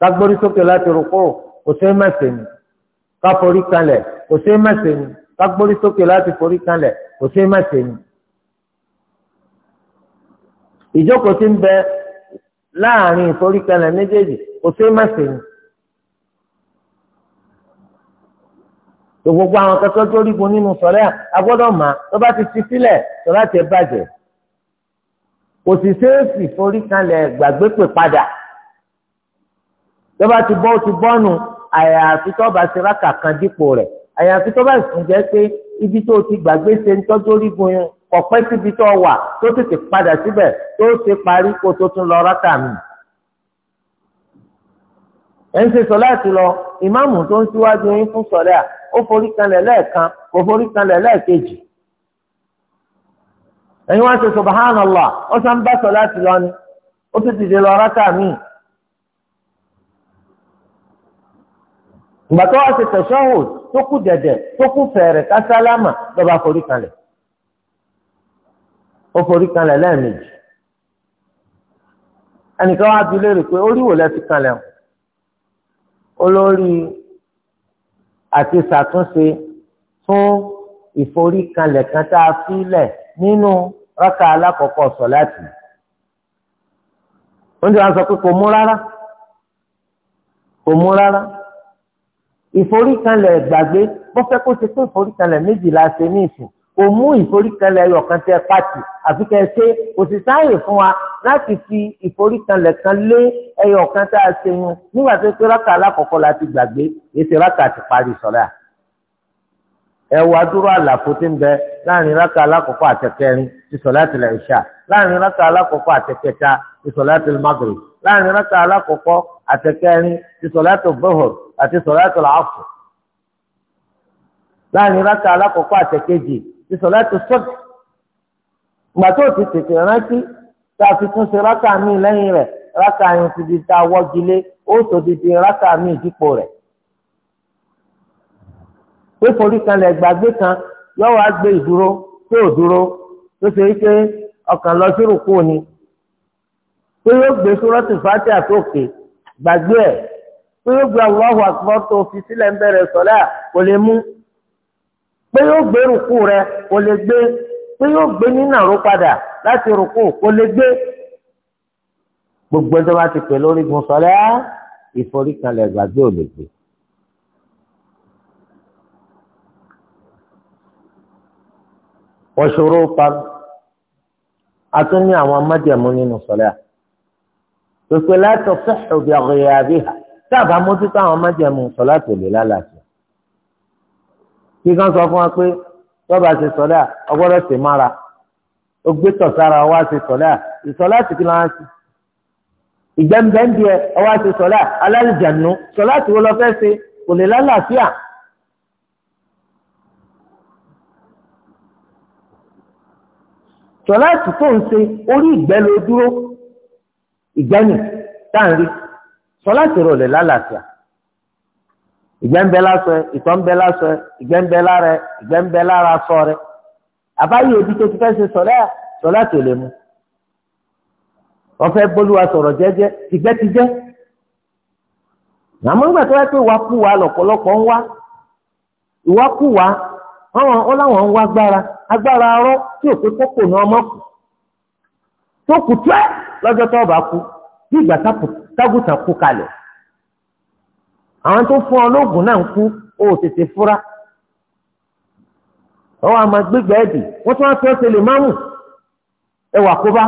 ká gbórí sókè láti rúkú kò sí má ṣe ni ká forí kanlẹ̀ kò sí má ṣe ni ká gbórí sókè láti forí kanlẹ̀ kò sí má ṣe ni. ìjókòó ti ń bẹ láàrin ìforí kanlẹ̀ méjèèjì kò sí má ṣe gbogbo àwọn akẹ́kọ̀ọ́ tó rí gun nínú sọ̀rẹ́ àgbọ́dọ̀ mà tó bá ti fi sílẹ̀ sọ̀rọ̀ àti ẹ̀ bàjẹ́ kò sì ṣéèfì forí kalẹ̀ gbàgbé pè padà tọ́ba ti bọ́ ti bọ́nu àyàfi tọ́ba ti rákà kan dípò rẹ̀ àyàfi tọ́ba ìsìn jẹ́ pé ibi tó ti gbàgbé ṣe ń tọ́jú orígun yẹn ọ̀pẹ́ síbi tó wà tó tètè padà síbẹ̀ tó ṣe parí kó tó tún lọ rákà mi. ẹ̀ ń ṣe sọ́láàtì lọ ìmáàmù tó ń síwájú yín fún sọ́láà ó forí kanlẹ̀ lẹ́ẹ̀kan kò forí kanlẹ̀ lẹ́ẹ̀kejì ẹ̀yin wá ṣe subhanallah ó sá ń bá sọ láti lọ ni ó tún dìde lọ rákà míì. ìgbà tó wá ṣe tẹ̀sánwò tó kù dẹ̀dẹ̀ tó kù fẹ̀rẹ̀ kásálámà lọ́ba forí kalẹ̀ ó forí kalẹ̀ lẹ́ẹ̀mejì ẹnìkan wá bi léèrè pé orí wò lẹ kalẹ̀ o olórí àti ṣàtúnṣe fún ìforíkalẹ̀ kan tá a fi lẹ̀ nínú rákà alákọ̀ọ́kọ́ sọ̀láàtì oúnjẹ wa sọ pé kò mú rárá kò mú rárá ìforíkanlẹ̀ gbàgbé bọ́fẹ́ kó ṣe pé ìforíkanlẹ̀ méjìlá ṣe ní ìsìn kò mú ìforíkanlẹ̀ ẹyọ̀kan tẹ pàtì àfi kẹ́ ẹ ṣe kò sì sáàyè fún wa láti fi ìforíkanlẹ̀ kan lé ẹyọ̀kan tá a ṣe yun nígbà tó ṣe rákà alákọ̀ọ́kọ́ la gbàgbé èsì rákà ti parí sọ̀rọ̀ à. ẹ wá dúró àlàfo tí ń bẹ láàrin rákà alákọ̀ọ́kọ́ àtẹ̀kẹrin ti sọ̀láàtì ìṣà láàrin rákà alákọ̀ọ́kọ́ àtẹ̀kẹta ti sọ̀láàtì magrib láàrin rákà alákọ̀ọ́kọ́ àtẹ̀kẹrin ti sọ̀láàtì bọ́hùr àti sọ̀láàtì láàrin rákà ti sọ̀láàtì sọ́dì ìgbà tó ti tètè rántí fi tún ṣe rákà pé forí kan lẹ̀ gbàgbé kan yọ̀wọ́ á gbé ìdúró tí o dúró tó ṣe pé ọkàn lọ sí rúkú ni pé yóò gbé súrọ́tì fàtí àtòkè gbàgbé ẹ̀ pé yóò gbé Allahu Akbar tó fi sílẹ̀ ń bẹ̀rẹ̀ sọ́lá kò lè mú pé yóò gbé rúkú rẹ̀ kò lè gbé pé yóò gbé nínàró padà láti rúkú kò lè gbé gbogbo ẹjọ́ bá ti pè lórí gun sọ́lá ìforíkanlẹ̀ gbàgbé ò lè gbé. wa shurutan a tún ní àwọn amájẹ̀mú nínú sọ̀lẹ́ à pèpè láti sọ̀hùn bí ọ̀rẹ́ àbíhà dábàá mójútó àwọn amájẹ̀mú sọ̀lá tó lè lálàáfíà kí kan sọ fún wa pé tọ́ba ṣe sọ̀lẹ́ à ọgbọ́dọ̀ ṣe mára ó gbé tọ̀sára wá ṣe sọ̀lẹ́ à ti kí ló wá sí ìgbẹ́ńbẹ́ńdìẹ ọwá ṣe sọ̀lẹ́ à alálìjànú sọ̀lá tó lọ fẹ́ ṣe kò lè lálàáfíà sọláàtì tó ń se orí ìgbẹ́ ló dúró ìgbẹ́ni táǹrí sọláàtì rọlẹ̀ lálàáfíà ìgbẹ́ ń bẹ lásọ ẹ ìtọ̀ ń bẹ lásọ ẹ ìgbẹ́ ń bẹ lára ẹ ìgbẹ́ ń bẹ lára sọ rẹ àbáyé òbí tó ti fẹ́ sọláàtì ò lè mu wọ́n fẹ́ sọ̀rọ̀ ti jẹ́ àmọ́ tó wá pé wàá kú wa àwọn ọ láwọn ń wá agbára agbára arọ tí òkú kókò ní ọmọ kù tó kù tẹ́ lọ́jọ́ tó bá kú bí ìgbà tágùtàn kú kalẹ̀ àwọn tó fún ọ lóògùn náà ń kú ó tètè fúra ọwọ́ àmọ́ gbégbá ẹ̀dì tún wá fi ọ́sẹ̀ lè máàmù ẹwà kóbá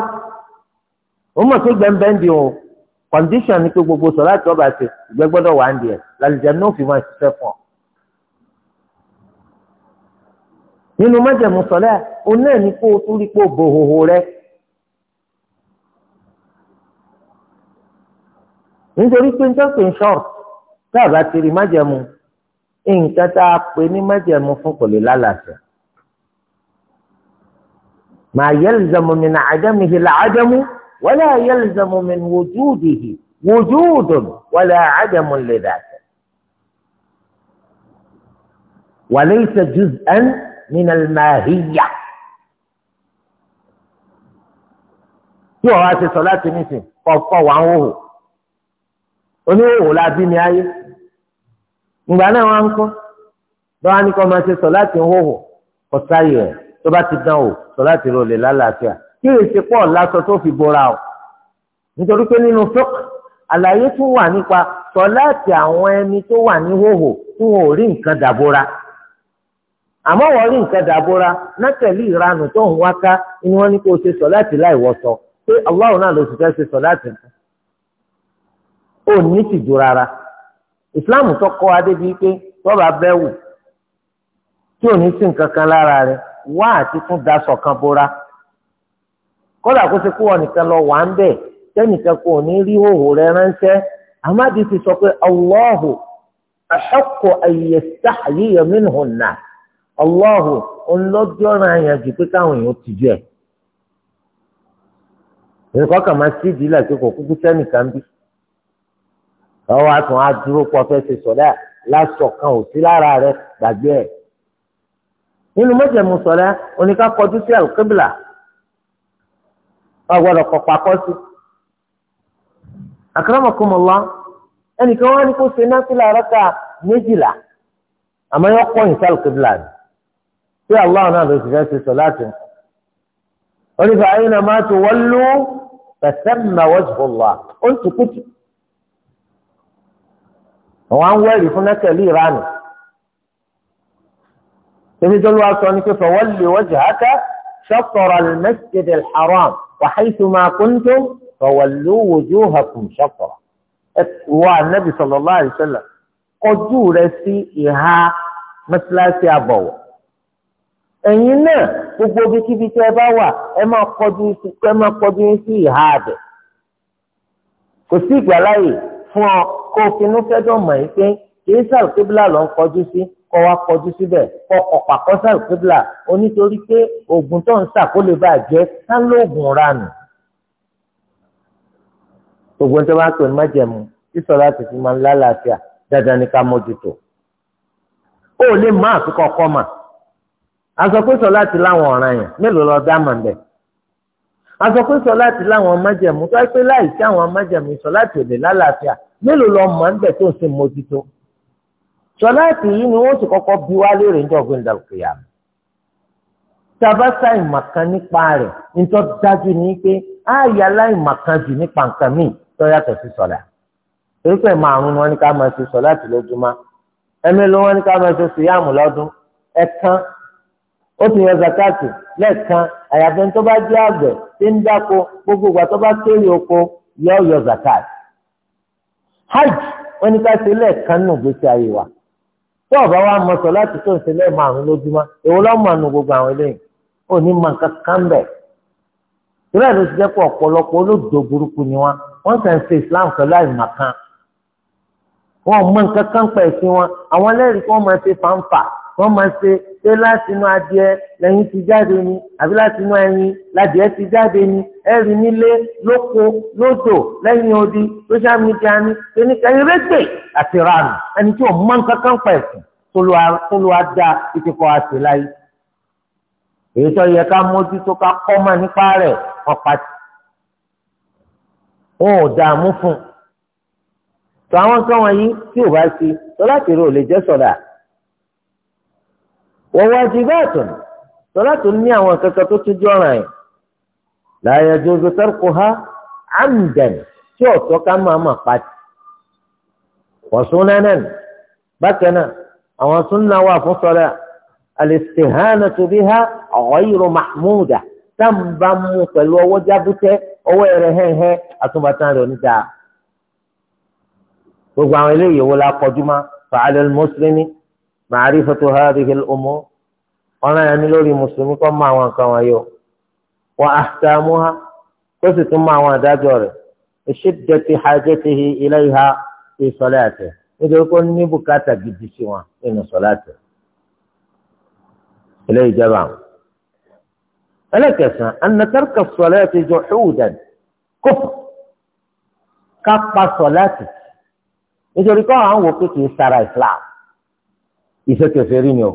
ó mọ̀ tó gbẹ̀ǹbẹ̀ ń di o condition ni pé gbogbo sọ̀ láti ọba ṣe ìgbẹ́ gbọ́dọ̀ wà á ń di ẹ̀ lálẹ́ jẹ́ ní máa ṣiṣẹ́ fún ọ. nínú májẹ̀mú sọ̀lẹ́ òun náà ní kó o tún rí kó o bò hòhò rẹ. nítorí pé njọ́sìn ń ṣọ́ọ̀ tá a bá ti rí májẹ̀mú nǹkan tá a pè ní májẹ̀mú fún kò lè lálàsẹ̀. màá yalzamu min adamihi al-adamu wala yalzamu min wujudihi wujudun wala adamun li dhatihi. wa laysa juz'an min al-mahiyya tí wọ́n wá ṣe sọ láti nísìn kọ̀ọ̀kọ̀ wà ń hòhò oníhòhò la bí mi ayé ìgbà náà wọ́n á ń kọ́ lọ́wọ́ á ní kọ́ máa ṣe sọ láti hòhò kọ́ sáyé ẹ̀ tó bá ti dán o sọ láti rọlẹ lálàáfíà kí èsì pọ̀ lásọ tó fi bora o nítorí pé nínú fúk àlàyé tún wà nípa sọ láti àwọn ẹni tó wà ní hòhò tí wọn ò rí nǹkan dàbora àmọ́ wọ́n rí nǹkan dàbóra nátẹ̀lí ìranù tó ń wá ká ni wọ́n ní kó ṣe sọ láti láì pé aláwọ̀ náà ló sì fẹ́ ṣe sọ láti fún ó ní tìjú rárá ìsìláàmù tó kọ́ adé pé tọ́ba ní sí nǹkan lára rẹ̀ wá àti tún daṣọ kan bóra Kọ́lá kó ṣe wọn lọ wà ń bẹ̀ tẹ́nìkan kò rí hòhò Allahu ńlọ́jọ́ra àyànjú pé káwọn èèyàn ti jẹ́ nǹkan kà máa sí ìdílé àti kò kúkú sẹ́nìkan bí ọwọ́ àtún adúró pọ̀ fẹ́ ṣe sọ̀dá lásọ̀ kan ò sí lára rẹ̀ gbàgbé ẹ̀ nínú mọ́jẹ̀mú sọ̀dá oníkà kọjú sí àlùkébìlà ọgbọ́dọ̀ kọ̀pá kọ́ sí akramakumullah ẹnìkan wá ní kó ṣe náà sí làárọ̀ ká méjìlá àmọ́ yọ kọ́ ìṣàlùkébìlà tí Allah náà ló ti fẹ́ ṣe sọ láti ń. onífà ayélujára máa ti wọ́lú pẹ̀sẹ́mà wọ́jùbọ̀lá ó ń tukùtù. àwọn awẹ́rì fún nẹ́kẹ̀lì ìranù. ebi tó ló wá sọ ní pé fọwọ́lì wajhaka shaṭr al-masjid al-haram wa haythu ma kuntum fawallu wujuhakum shaṭr. wà nábì sallallahu alaihi wasallam kọjú rẹ sí ìhà mẹ́sàlásì àbọ̀wọ̀. ẹ̀yin náà gbogbo ibikíbi tí ẹ bá wà ẹ máa kọjú ẹ máa kọjú sí ìhà àbẹ̀ kò sí ìgbàláyè fún ọ kó o finú fẹ́dọ̀ mọ̀ yín pé kìí sàlùkébìlà ló ń kọjú sí kọ́ wa kọjú síbẹ̀ kọ́ ọ̀pá kọ́ sàlùkébìlà onítorí pé oògùn tó ń sà kó lè bá a jẹ́ ká lóògùn ranù gbogbo tó bá pè ní májẹ̀mú sísọ láti fi máa ń lálàáfíà dáadáa ní ká mójútó o ò lè má àfikọ́ kọ́ mà asọ̀kúsọ láti láwọn ọ̀ràn yẹn mélòó lọ dá mọ̀ nbẹ. asọ̀kúsọ láti láwọn májẹ̀mú tó pé láì sí àwọn májẹ̀mú sọ láti òde lálàáfíà mélòó lọ mọ̀ nbẹ tó ń ṣe mójútó. sọ láti yìí ni wọ́n sì kọ́kọ́ bí wá léèrè ní ọ̀gbìn dàrúkìyà. tabasa ìmàkan nípa rẹ̀ nítọ́ dájú ní pé ààyè aláìmàkan jù nípa nǹkan míì tó yàtọ̀ sí sọ̀lá. torí pé márùn ni wọ́n ká máa ṣe sọ lójúmọ́ ẹ̀mí ó ti yan zakati lẹ́ẹ̀kan àyàfẹ́ tó bá jẹ́ àgbẹ̀ tí ń dáko gbogbo ìgbà tó bá kéré oko yọ yọ zakati. hajj wọn ní ká ṣe lẹ́ẹ̀kan nù gbèsè ayé wa tó ọba wa mọ sọ láti tó ń ṣe lẹ́ẹ̀ márùn lójúmọ́ èwo lọ́ mọ̀ nù gbogbo àwọn eléyìí ó ní mọ̀ nǹkan bẹ̀. ìrẹ́ ló ti jẹ́ pé ọ̀pọ̀lọpọ̀ olódò burúkú ni wọn wọ́n sì ń ṣe islam pẹ̀lú àìmọ̀kan wọn mọ̀ nǹkan kan pẹ̀ sí wọn àwọn ẹlẹ́rìí kí wọ́n máa ṣe fàǹfà wọ́n máa ṣe pé láti inú adìẹ lẹ́yìn ti jáde ni àbí láti inú ẹyin ládìẹ ti jáde ni ẹ̀rí nílé lóko lódò lẹ́yìn odi social media ni ẹnikẹ́ni rédè àti ràánù ẹni tí ò mọ nǹkan kan pa ẹ̀sìn tó lu ada ìtìkọ́ àti láyé. èyí tó yẹ ká mójútó ká kọ́ mọ́ nípa rẹ̀ wọ́n pàtì. wọn ò dààmú fún un. tó àwọn kan wọ̀nyí tí ò bá ṣe sọ láti rò lè jẹ́ sọ̀dà. So wa wajibatun sọ̀látù ní àwọn kankan tó tún jọ́ràn yẹn la yajuzu tarkuha amdan tí ọ̀tọ́ ká máa mà pàtì wa sunanan bákan náà àwọn súnà wà fún sọ̀rọ̀ al-istihanatu biha ghayru mahmuda táǹbà mú pẹ̀lú ọwọ́ jábútẹ́ ọwọ́ ẹ̀rẹ̀ hẹ́hẹ́ àtúbàtán rẹ̀ oníta gbogbo àwọn eléyìí wo la mọ́ fa'ala al ma'rifatu hadhihi al-umur ọ̀ràn yẹn ni lórí mùsùlùmí kó mọ àwọn nǹkan wọ̀nyí o wa ahkamuha kó sì tún mọ àwọn àdájọ́ rẹ̀ ishiddati hajatihi ilayha fi salatihi nítorí kó ní bùkátà gidi sí wọn nínú sọláàtì ilé ìjọba àwọn. ẹlẹ́kẹ̀sán anatarka sọláàtì jọ ṣùwùdàn kó ká pa sọláàtì nítorí kó àwọn wò pé kì í sara islam. ìṣèkèfé rí ni o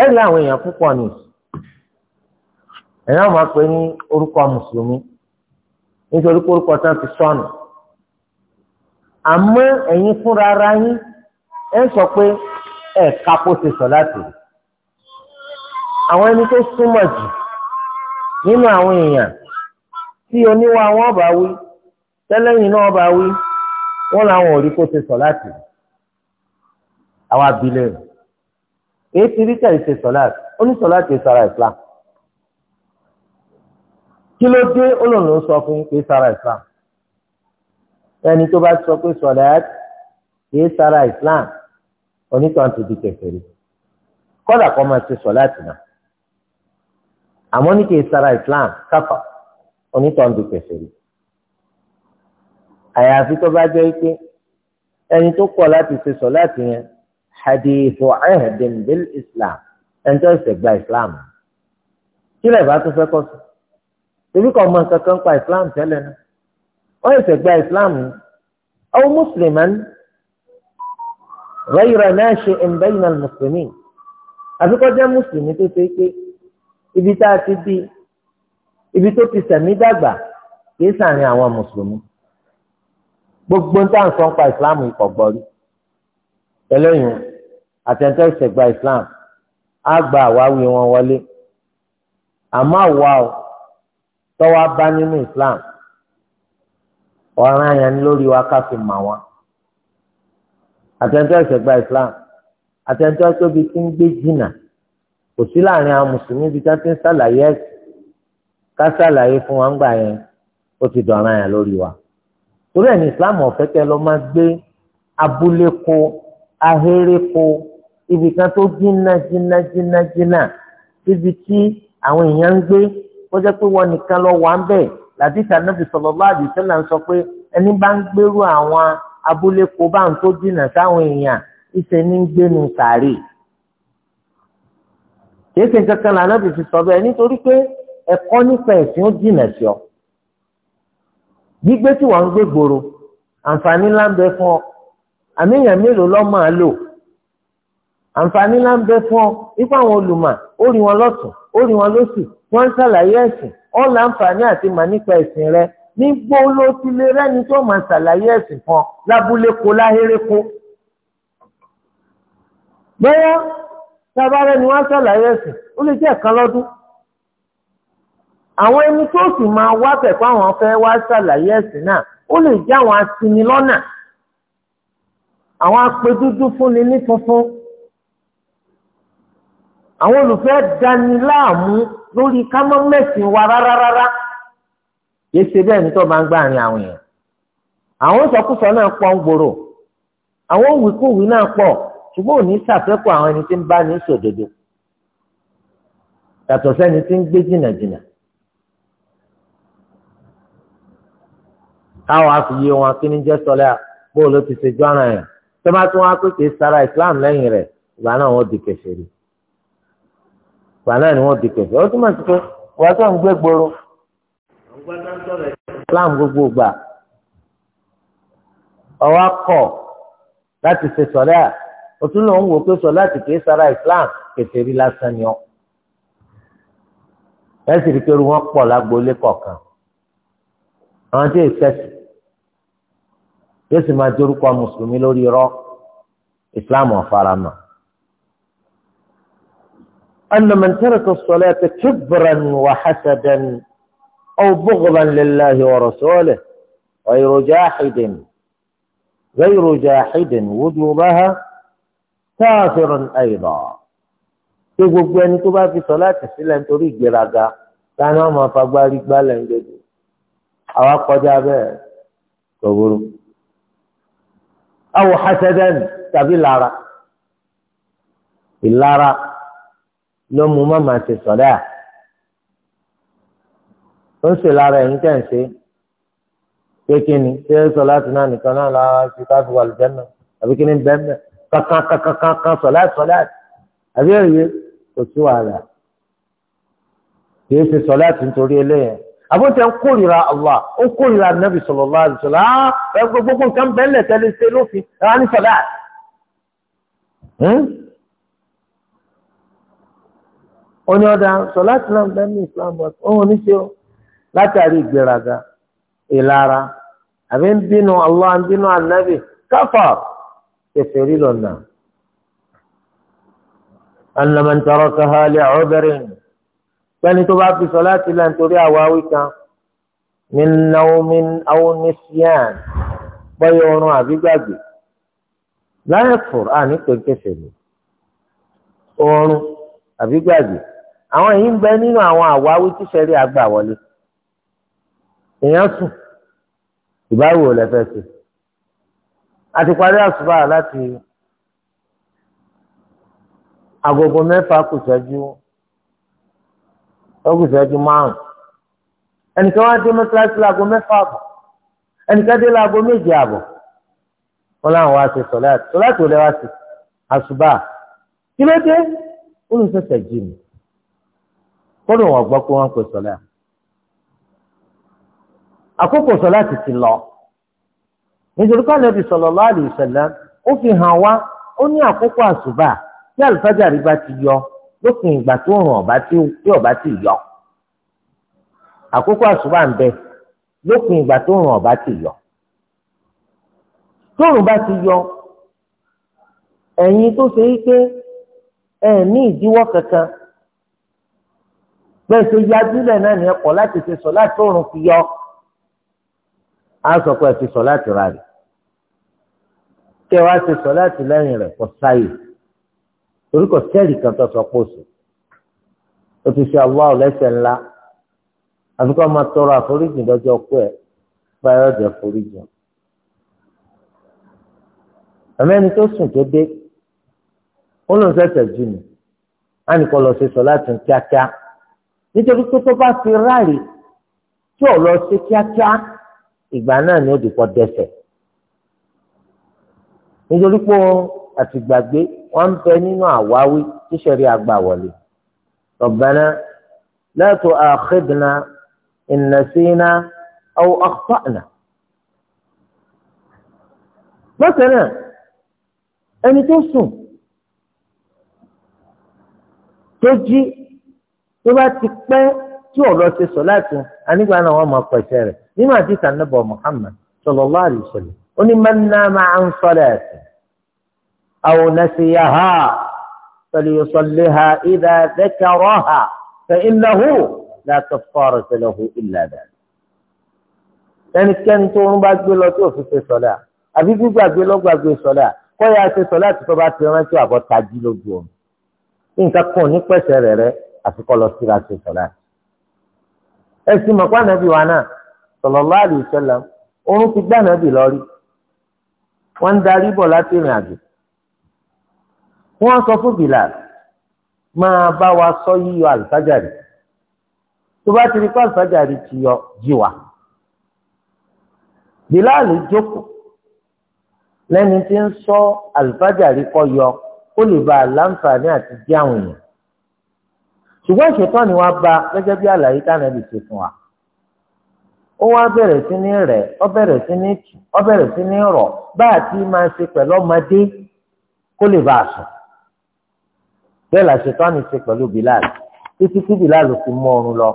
ẹ rí àwọn èèyàn púpọ̀ ni ẹ̀yàn máa pè ní orúkọ mùsùlùmí nítorí pé orúkọ tán ti sọnù àmọ́ ẹ̀yin fúnra ara yín ẹ sọ pé ẹ kápó ti sọ láti rí àwọn ẹni tó súnmọ̀ jù nínú àwọn èèyàn tí oníwà wọn bá wí tẹ́lẹ̀yìn náà bá wí wọn làwọn ò rí kó ti sọ láti rí àwọn abilé rẹ̀ èyí ti rí kẹ́rì ṣe sọ̀láàtì ó ní sọ̀láàtì sara islam kí ló dé olóòlù sọ fún pé sara islam ẹni tó bá sọ pé sọ̀láàtì kì í sara islam onítàn ti di kèfèrí kọ́dà kọ́ máa ṣe sọ̀láàtì náà àmọ́ ní kì í sara islam káfà onítàn di kèfèrí àyàfi tó bá jẹ́ pé ẹni tó kọ̀ láti ṣe sọ̀láàtì yẹn hadithu ahdin bil islam ẹnjọ́ ìṣẹ̀gbà islam kí lè bá tó fẹ́ kọ́ sí torí kan mọ nǹkan kan pa islam tẹ́lẹ̀ náà wọ́n ìṣẹ̀gbà islam aw musliman ghayra nashi'in bayna al-muslimin àfikọ́ jẹ́ mùsùlùmí tó ṣe pé ibi tá a ti bí ibi tó ti sẹ̀mí dàgbà kìí sàárín àwọn mùsùlùmí gbogbo ń tà ń sọ ń pa ìsìláàmù ikọ̀ gbọ́rí tẹ́lẹ̀yìn àtẹ̀ntẹ́ ìṣẹ̀gbà Islam á gba àwáwí wọn wọlé àmọ́ àwa o tọ́wọ́ bá nínú Islam ọ̀ràn yẹn lórí wa ká fi mà wọn àtẹ̀ntẹ́ ìṣẹ̀gbà Islam àtẹ̀ntẹ́ tóbi tí ń gbé jìnnà kò sí láàrin àwọn mùsùlùmí bíi tá ti ń ṣàlàyé ẹ̀sìn ká ṣàlàyé fún wọn gbà yẹn ó ti dọ̀ràn yẹn lórí wa torí ẹ̀ ní Islam ọ̀fẹ́ kẹ́ lọ́ máa gbé abúlé ko ahéré ko ibì kan tó jìnnà jìnnà jìnnà jìnnà síbi tí àwọn èèyàn ń gbé kọjá pé wọn nìkan lọ wà ń bẹ̀ làdìsí anábì sallallahu alaihi wasallam sọ pé ẹni bá ń gbèrú àwọn abúlé kó bá ń tó jìnnà sáwọn èèyàn ìṣe ní gbénu sàárè kèéfì kankan là náà fi sọ bẹ́ẹ̀ nítorí pé ẹ̀kọ́ nípa ẹ̀sìn ó jìnà sí ọ gbígbé tí wọ́n ń gbé gbòòrò àǹfààní ńlá fún ọ àmì àǹfààní ńlá ń bẹ fún ọ ipá àwọn olùmọ̀ ó rí wọn lọ́tún ó rí wọn lósì wọ́n ń ṣàlàyé ẹ̀sìn ó là ń fààní àti mà nípa ẹ̀sìn rẹ ní gbóló ti lè rẹ́ni tó máa ṣàlàyé ẹ̀sìn kan lábúlé ko láhéré ko. bẹ́ẹ̀ sábàárẹ̀ ni wọ́n ṣàlàyé ẹ̀sìn ó lè jẹ́ ẹ̀kan lọ́dún. àwọn ẹni tó sì máa wá pẹ̀pẹ́ àwọn fẹ́ wá ṣàlàyé ẹ̀sìn náà ó lè jẹ́ àwọn asinilọ́nà àwọn apẹ fúnni ní funfun àwọn olùfẹ́ daniláàmú lórí kámọ́ mẹ́sìn wa rárá rárá yé ṣe bẹ́ẹ̀ ní tó máa ń gbà rin àwọn èèyàn àwọn sọkúsọ náà pọ̀ ń gbòòrò àwọn òwìkúwì náà pọ̀ ṣùgbọ́n ò ní ṣàfẹ́kù àwọn ẹni tí ń bá ní sòdodo yàtọ̀ sẹ́ni tí ń gbé jìnnàjìnnà táwọn àfiyè wọn kí ni jẹ́ sọlẹ́ bóòlù ti ṣe jọ́ ara yẹn tẹ́mátí wọn á pèsè sára Islam lẹ́yìn rẹ̀ ìgbà náà wọ́n di kẹsẹ̀ rí gbà náà ni wọ́n di kẹ̀kẹ́ ó túmọ̀ sí pé wàá tó ń gbé gbòòrò islam gbogbo gbà ọwọ́ akọ láti ṣe sọ̀rẹ́ à òtún lòun wò pé sọ láti kìí sara islam kẹsẹ̀ rí lásán ni ọ́ ẹ̀sìn rí pẹ̀lú wọn pọ̀ lágboolé kọ̀ọ̀kan àwọn tí èsẹ̀sì yóò sì máa dorúkọ mùsùlùmí lórí irọ́ islam ọ̀farama. أن من ترك الصلاة كبرا وحسدا أو بغضا لله ورسوله غير جاحد غير جاحد وجوبها كافر أيضا يقول يعني تبا في صلاة سلا أن تريد جراجا كان ما فبالك بالا يجب أو قجابا كبر أو حسدا تبي اللارا اللارا ló mú màmá ṣe sọ̀dá ó ń ṣe lára ẹ̀yìn tẹ̀ ń ṣe pé kí ni ṣé sọ láti náà nìkan náà la ṣe ká fi wà lùjẹ́ náà àbí kí ni bẹ́ẹ̀ bẹ́ẹ̀ kankan kankan kankan sọ̀dá sọ̀dá àbí ẹ̀yẹ kò sí wàhálà kìí ṣe sọ̀dá tó ń torí eléyẹn àbúntẹ̀ ń kórìíra Allah ó kórìíra nàbì sallallahu alaihi wasallam á gbogbo nǹkan bẹ́ẹ̀ lẹ̀ tẹ́lẹ̀ ṣe lófin ẹ̀ wá ní sọ̀dá oní ọ̀dà sọ láti náà bẹ́ẹ̀ ní islam wà ọ̀hún oníṣẹ́ o látàrí ìgbéraga ìlara àbí ń bínú allah ń bínú anabi káfà kẹfẹ́ rí lọ́nà. anamọ̀ ntọ́rọ̀ sahali ọ̀bẹ̀rin pẹ́ni tó bá fi sọ láti náà nítorí àwáwí kan min naumin aw nisyan bọ́yọ̀ ọ̀run àbí láyé fòrò àní pé kẹfẹ́ ni ọ̀run àwọn yìí ń bẹ nínú àwọn àwáwí tí sẹ́rí àgbà wọlé èèyàn sùn ìbáwò lẹ́fẹ̀ẹ́ sí àti parí àsùbà láti agogo mẹ́fà kù sẹ́jú ó kù sẹ́jú márùn-ún ẹnìkan wá dé mọ́tíláṣí láago mẹ́fà àbọ̀ ẹnìkan dé láago méje àbọ̀ wọn làwọn wá ṣe sọ̀láàtì sọ̀láàtì ò lẹ́wà sí àsùbà kí ló dé ó jì mí. kódò wọn gbọ́ pé wọ́n pè sọ́lá àkókò sọ́lá ti ti lọ nítorí pé Ànábì sallallahu alaihi wasallam ó fi hàn wá ó ní àkókò àsùbà tí àlùfájàrí bá ti yọ lópin ìgbà tó rùn ọ̀bá tí ọ̀bá ti yọ àkókò àsùbà ń bẹ lópin ìgbà tó rùn ọ̀bá ti yọ tóòrùn bá ti yọ ẹ̀yin tó ṣe é pé ẹ̀ ní ìdíwọ́ kankan bẹ́ẹ̀ ṣe yajúlẹ̀ náà ní ẹ̀kọ́ láti ṣe sọ láti oorun fi yọ á sọ pé ẹ ti sọ láti ra rẹ̀ kẹ́ wá ṣe sọ láti lẹ́yìn rẹ̀ kọ sáyè torí kò sẹ́ẹ̀lì kan tó sọ pé òsè o ti ṣe àwọn ọ̀lẹ́sẹ̀ ńlá àfi kọ́ tọrọ àforíjì lọ́jọ́ pé ẹ báyọ̀ jẹ́ àmẹ́ni tó sùn tó dé ó lóun ṣẹ̀ṣẹ̀ jù ní á lọ ṣe sọ láti kíákíá nítorí pé tó bá fi ráàlì tí ò lọ sí kíákíá ìgbà náà ni ó dìpọ̀ dẹsẹ̀ nítorí pé àtìgbàgbé wọn ń bẹ nínú àwáwí tíṣẹ̀rí àgbà wọlé Rabbana la tu'akhidhna in nasina aw akhta'na. ẹni tó sùn tó jí tó bá ti pẹ́ tí ọ̀rọ̀ ṣe sọ láti anígbà náà wọ́n máa pẹ̀sẹ̀ rẹ̀ nínú àdìsí anábọ̀ Muhammad sallallahu alaihi wasallam ó ní man nama an salati aw nasiyaha falyusalliha idha dhakaraha fa innahu la kafarata lahu illa dhalik. ẹnikẹ́ni tó ń bá gbé lọ tí òfin ṣe sọ̀lá àbí gbígbàgbé lọ́gbàgbé sọ̀lá kọ́ya ṣe sọ̀lá àti tó bá ti rántí àbọ̀tají lójú ọ̀run nǹkan kan ní pẹ̀sẹ̀ àfikọ́ lọ síra ṣe sọ̀lá. ẹ sì mọ̀ pé ànábì wa náà sallallahu alaihi wasallam oorun ti gbá ànábì lọ rí wọ́n ń darí bọ̀ láti ìrìn àjò wọ́n sọ fún Bilal máa bá wa sọ yíyọ àlùfájàrí tó bá ti rí kó àlùfájàrí ti yọ jí wa Bilal jókòó lẹ́ni tí ń sọ àlùfájàrí kó yọ ó lè bá a àti jí àwọn èèyàn ṣùgbọ́n ìṣètò ni wọ́n bá gẹ́gẹ́ bí àlàyé tánàbì ṣe fún wa ó wá bẹ̀rẹ̀ sí ní rẹ̀ ó bẹ̀rẹ̀ sí ní tù ó bẹ̀rẹ̀ sí ní rọ̀ bá a ti máa ṣe pẹ̀lú ọmọdé kó lè bá a sùn bẹ́ẹ̀ la ṣètò àmì ṣe pẹ̀lú Bilal títí tí Bilal fi mú ọrùn lọ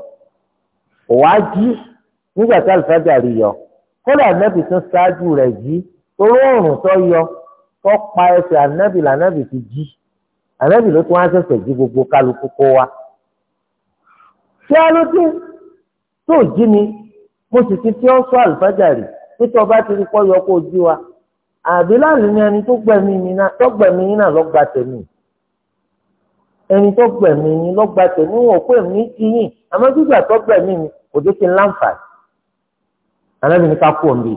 òwá jí nígbà tí alifájàrí yọ kódà anábì tún ṣáájú rẹ̀ jí torí oòrùn tó yọ tó pa ẹsẹ̀ anábì lànábì ti jí anábì ló tún wá ṣẹ̀ṣẹ̀ jí gbogbo kálukú kó wa ṣé alóde tó jí mi mo sì ti tí ó sọ àlùfáàjà rè títí ọba ti rí pọ́yọ kó jí wa àbí láàrin ni ẹni tó gbẹ̀mí mi náà tó gbẹ̀mí yín náà lọ́gba tẹ̀mí ẹni tó gbẹ̀mí yín lọ́gba tẹ̀mí wọn pè mí kí yín àmọ́ gbígbà tó gbẹ̀mí mi kò dé kí n láǹfààní alábìnrin ká kú òǹbí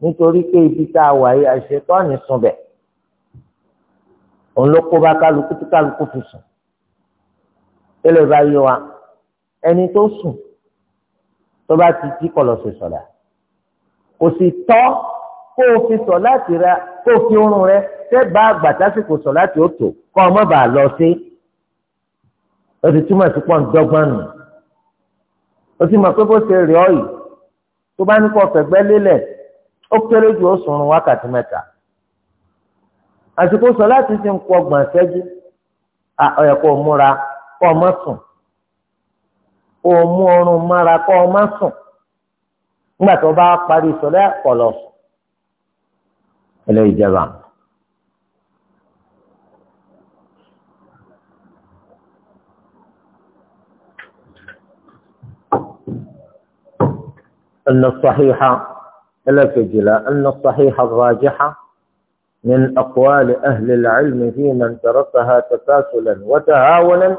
nítorí pé ibi tá a wà yìí àṣetọ́ àní sùn bẹ̀ òun ló kó bá kálukú tí kálukú fi sùn tẹ́lẹ̀ bá wa ẹni tó sùn tó bá ti jí kọlọ sí sọlá kò sì tọ́ kó o fi sọ láti ra kó o fi oorun rẹ tẹ́ bá àgbà tásìkò sọ láti ó tò kọ́ ọ mọ́ bàa lọ sí o ti túmọ̀ sí pọ̀ ń dọ́gbọ́n nù o ti mọ̀ pé bó ṣe rí ọ yìí tó bá ní kó o fẹ̀gbẹ́ lélẹ̀ ó kéré jù ó sùn wákàtí mẹ́ta àsìkò sọ láti ti ń kọ ọgbọ̀n ṣẹ́jú ó múra kó o mọ̀ sùn kó ọrùn mára kó o má sùn nígbà tó bá parí sọlẹ́ ọ̀lọ́ ilé ìjọba. أن الصحيح الكجلة أن الصحيح الراجحة من أقوال أهل العلم في من تركها تكاسلا وتهاونا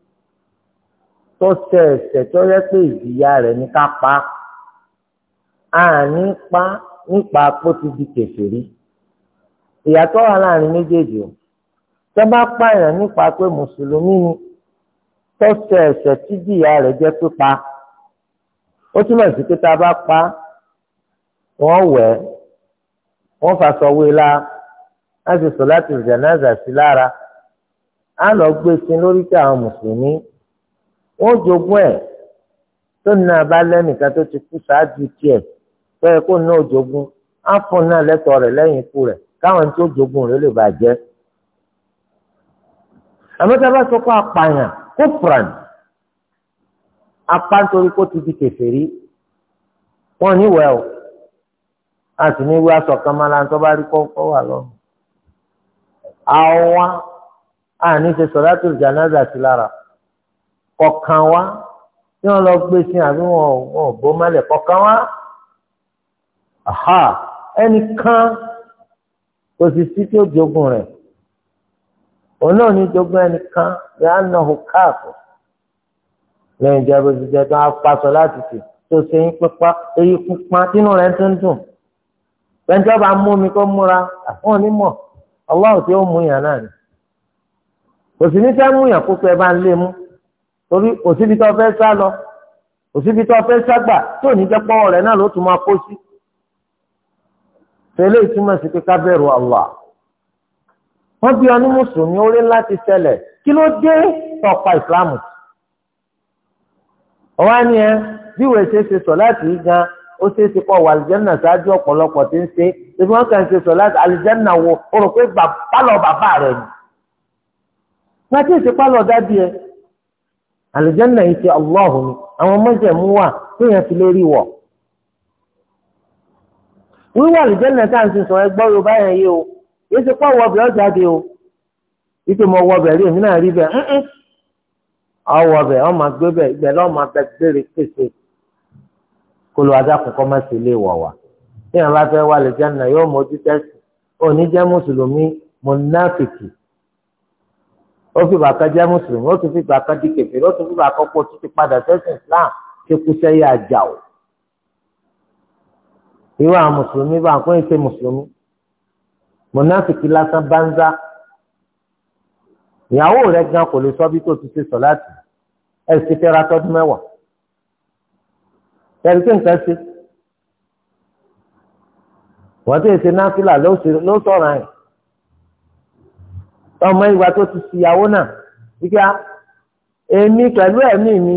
tó ṣẹ̀ ẹ̀ṣẹ̀ tó yẹ pé ìjìyà rẹ̀ ní ká pa á ní pa nípa pó ti di kèfèrí ìyàtọ̀ wà láàrin méjèèjì o tẹ́ bá pààyàn nípa pé mùsùlùmí ni tó ṣẹ̀ ẹ̀ṣẹ̀ tí ìjìyà rẹ̀ jẹ́ pípa ó túmọ̀ sí pé tá a bá pa wọ́n wẹ̀ wọ́n faṣọ wé e la á sì sọ láti jánásà sí lára á lọ gbé e sin lórí tí àwọn mùsùlùmí wọ́n jogún ẹ̀ tó nà bá lẹ́nìkan tó ti kú ṣáájú tiẹ̀ bẹ́ẹ̀ kó nà ó jogún á fún náà lẹ́tọ̀ọ́ rẹ̀ lẹ́yìn ikú rẹ̀ káwọn tó jogún rẹ̀ lè bàjẹ́. àmọ́tá bá sọ pé apààyàn kó pran apá nítorí kó ti di kèfèrí wọ́n níwẹ̀ o a sì ní wíwá sọ̀kan máa láǹtọ́ bá rí kọ́kọ́ wà lọ́rùn. àwa àní sọ̀rọ̀ àti ìjà náà dà kọ̀ọ̀kan wá tí wọ́n lọ gbé sí àbí wọn ò bó mọ́lẹ̀ kọ̀ọ̀kan wá. ẹnìkan kò sì sí tí ó jogun rẹ̀ òun náà ní jogun ẹnìkan yà á nà hù káàkó lẹ́yìn ìjọba òṣìṣẹ́ tó á paṣọ láti tì tó ṣe yín pípa èyí pípa tínú rẹ̀ tó ń dùn pẹ̀ntẹ́ ọba mú mi kó múra àwọn onímọ̀ ọlọ́run tí ó mú yàn náà ni kò sì ní fẹ́ mú yàn kó pé bá ń lé mú torí kò síbi tó fẹ́ sá lọ kò síbi tó fẹ́ sá gbà tí ò ní jẹ́ pọ́wọ́ rẹ̀ náà ló tún máa kó sí. tẹ́lẹ̀ ìtumọ̀ sí pé ká bẹ̀rù Allah wọ́n bí ọ́nú mùsùlùmí orí ńlá ti ṣẹlẹ̀ kí ló dé tọ̀pa ìsìlámù. ọ̀wá ni ẹ bí ìwé ṣe ṣe sọ láti yí gan ó ṣe é ṣe kọ́ wà àlìjẹ́nà ṣáájú ọ̀pọ̀lọpọ̀ tí ń ṣe ebi wọ́n kàn ṣe sọ láti àlìjẹ́nà wo o rò pé pálọ̀ bàbá rẹ̀ ni. wọ́n ti ṣe pálọ̀ dádì àlùjánnà yìí ti Allah ni àwọn mọ́jẹ̀mú wà tó yẹn fi lérí wọ̀. wíwọ àlùjánnà tá à ń sin sọ ẹgbọ́ yorùbá yẹn yé o yìí ti pọ̀ wọbẹ̀ ọjà dé o yìí ti mọ wọbẹ̀ rí èmi náà rí bẹ́ẹ̀ ńǹ ọwọbẹ̀ ọmọ gbé ibẹ̀ lọ́mọ bẹ gbére kó ló adá kọ̀ọ̀kan má sì lè wọ̀ wá. bí wọn bá fẹ́ wọ àlùjánnà yóò mójú tẹ́sí òní jẹ́ mùsùlùmí mùnáfìkì ó fi bàkan jẹ́ mùsùlùmí ó tún fi bàkan di kèfèrí ó tún fi bàkan pọ̀ títí padà sẹ́sìn Islam ṣe kú sẹ́yìn àjà o. irú àwọn mùsùlùmí bá ń pín ìṣe mùsùlùmí mọ̀nàfìkì lásán bá ń zá ìyàwó rẹ̀ gan kò lè sọ bí tó ti ṣe sọ láti ẹ̀ sì fẹ́ ra tọ́dún mẹ́wàá ẹ̀rí pé nǹkan ṣe wọ́n ti ṣe náfìlà ló sọ̀rọ̀ àyìn ọmọ ìgbà tó ti ṣìyàwó náà wíkẹ́ èmi pẹ̀lú ẹ̀mí mi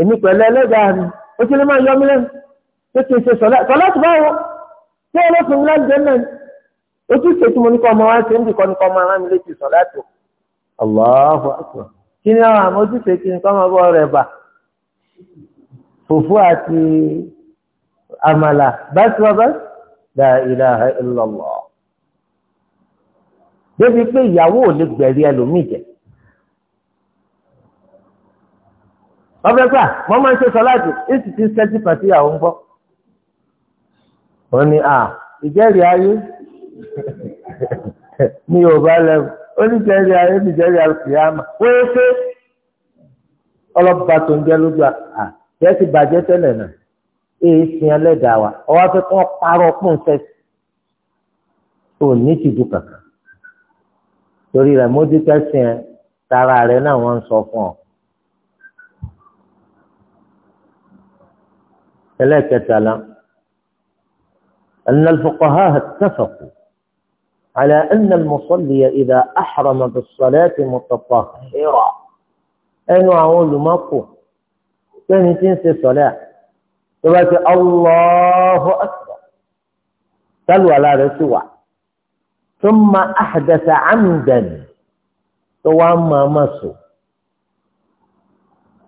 èmi pẹ̀lú ẹlẹ́dàá mi ó ti lè máa yọ mí lẹ́nu tó ti ṣe sọ̀lá sọ̀lá ti báwo tí wọ́n lọ fún mi láti jẹ́nà ni ó ti ṣètò mo ní kọ́ ọmọ wa ṣe ń dìkọ́ ní kọ́ ọmọ ara mi létí sọ̀lá tó Allahu akbar kí ni àwọn àmọ́ ti ṣe kí ni kọ́ bọ́ rẹ̀ bà fùfú àti àmàlà bá ti wá bá la ilaha illallah débi pé ìyàwó ò lè gbẹ̀rí ẹlòmíì jẹ. ọbẹ̀ gbà wọ́n máa ń ṣe sọ́láàtì èsì ti sẹ́tì pàtí ìyàwó ń gbọ́. wọ́n ní à ìjẹ́rìí ayé ní yorùbá lẹ́wọ̀ ó ní ìjẹ́rìí ayé ní ìjẹ́rìí alùpùpù wọ́n ṣe ọlọ́ba tó ń jẹ́ lójú à jẹ́ ti bàjẹ́ tẹ́lẹ̀ náà èyí sin ẹlẹ́dàá wa ọwọ́ fẹ́ parọ́ fún un sẹ́sì ò ní kankan. torí rẹ̀ mójútẹ́sì ẹ̀ tara rẹ̀ náà wọ́n ń sọ fún ọ. ẹlẹ́kẹtàlá أن الفقهاء اتفقوا على أن المصلي إذا أحرم بالصلاة متطهرا أن أقول مكو كان تنسي صلاة تبقى الله أكبر تلوى لا رسوة ثم أحدث عمدا توام مسو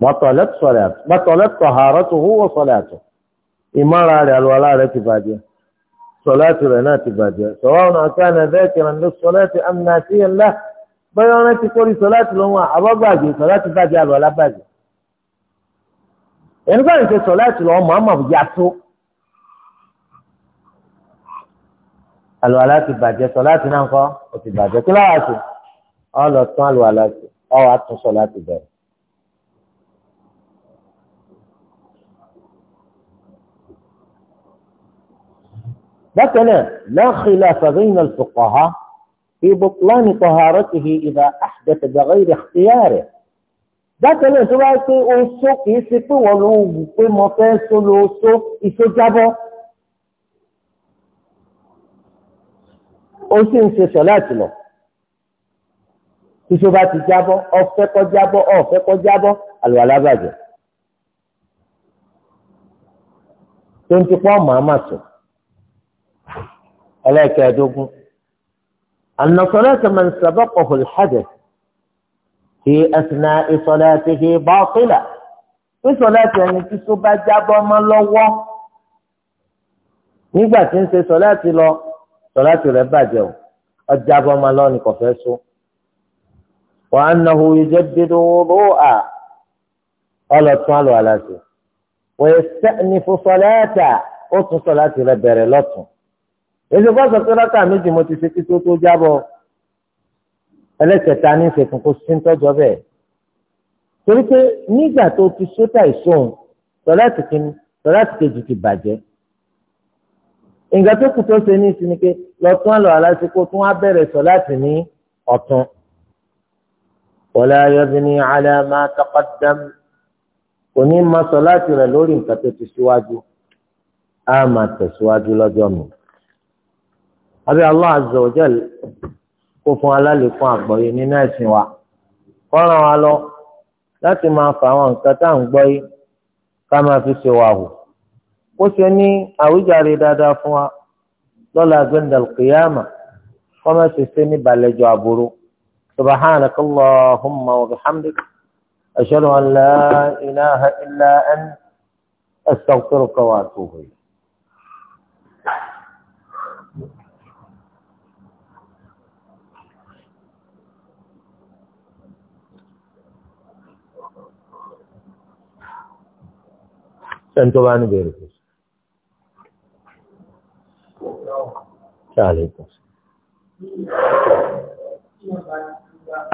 بطلت صلاة بطلت طهارته وصلاته إما على الولاء تبادية صلاة لنا تبادية سواء كان ذاكرا للصلاة أم ناسيا له بيانا تقولي صلاة لما أبا باجي صلاة باجي ولا باجي إن كان صلاة لما أما بجعته àlùwàlá ti bàjẹ́ sọ láti náà kọ́ ó ti bàjẹ́ kí láwàá sí ọ lọ tún àlùwàlá sí ọ wàá tún sọ láti bẹ̀rẹ̀. بطل لا خلاف بين الفقهاء في بطلان طهارته إذا أحدث بغير اختياره bákan náà tó bá pé oṣó kìí ṣe pé wọ́n ló wù pé mo fẹ́ só lo oṣó ìṣó jábọ́ ó sì ń ṣe sọ̀láàtì lọ tíṣó bá ti jábọ́ ọ̀fẹ́ kọ́ jábọ́ ọ̀fẹ́ kọ́ jábọ́ àlùwàlá bàjẹ́ tó ń ti pọ́ màmá sùn ẹlẹ́kẹ̀ẹ́dógún ànàsọ́lá tẹ̀mẹ̀ ń sábà pọ̀ fòlì hàdẹ̀ fi ẹ̀sìnà ìsọ̀lá ti fi bá ọ̀pìlà ìsọ̀lá ti tíṣó bá jábọ́ mọ́ lọ́wọ́ nígbà tí ń ṣe sọ̀lá ti lọ sọláàtì rẹ̀ bàjẹ́ o ọjà bọ́ máa lọ́ọ́ ní kò fẹ́ so. wa annahu yujaddidu wudu'a ọlọ́tún àlọ́ aláṣẹ. wa yasta'nifu salata ó tún sọláàtì rẹ̀ bẹ̀rẹ̀ lọ́tún. èsì kọ́ sọ pé rákà méjì mo ti ṣe kí tó tó jábọ̀ ẹlẹ́kẹta ní ìṣèkùn kó sí tọ́jọ́ bẹ́ẹ̀. torí pé nígbà tó ti sótà ìṣóhun sọláàtì kejì ti bàjẹ́ nǹkan tó kù tó ṣe ní ìsinmi pé lọ tún àlọ́ àlásìkò tún wá bẹ̀rẹ̀ sọ láti ní ọ̀tún. wala yabni ala ma taqaddam kò ní ma sọ láti rẹ̀ lórí nǹkan tó ti síwájú á máa tẹ̀síwájú lọ́jọ́ mi. àbí Allah azza wa jal kó fún alálẹ̀kùn àgbọ̀yé nínú ẹ̀sìn wa kọ́ràn wa lọ láti máa fa àwọn nǹkan tá à ń gbọ́ yìí ká máa fi ṣe wà ó ṣe ní àwíjàre dáadáa fún wa lọ́la gbẹ́ndà lùkìyàmà wọ́n ṣe ṣe ní balẹ̀jọ àbúrò subahana subhanaka allahumma wa bihamdik ashhadu an la ilaha illa anta astaghfiruka wa atubu ilayk. Tentu bani beri. Ṣáàlẹ̀ ìtàn.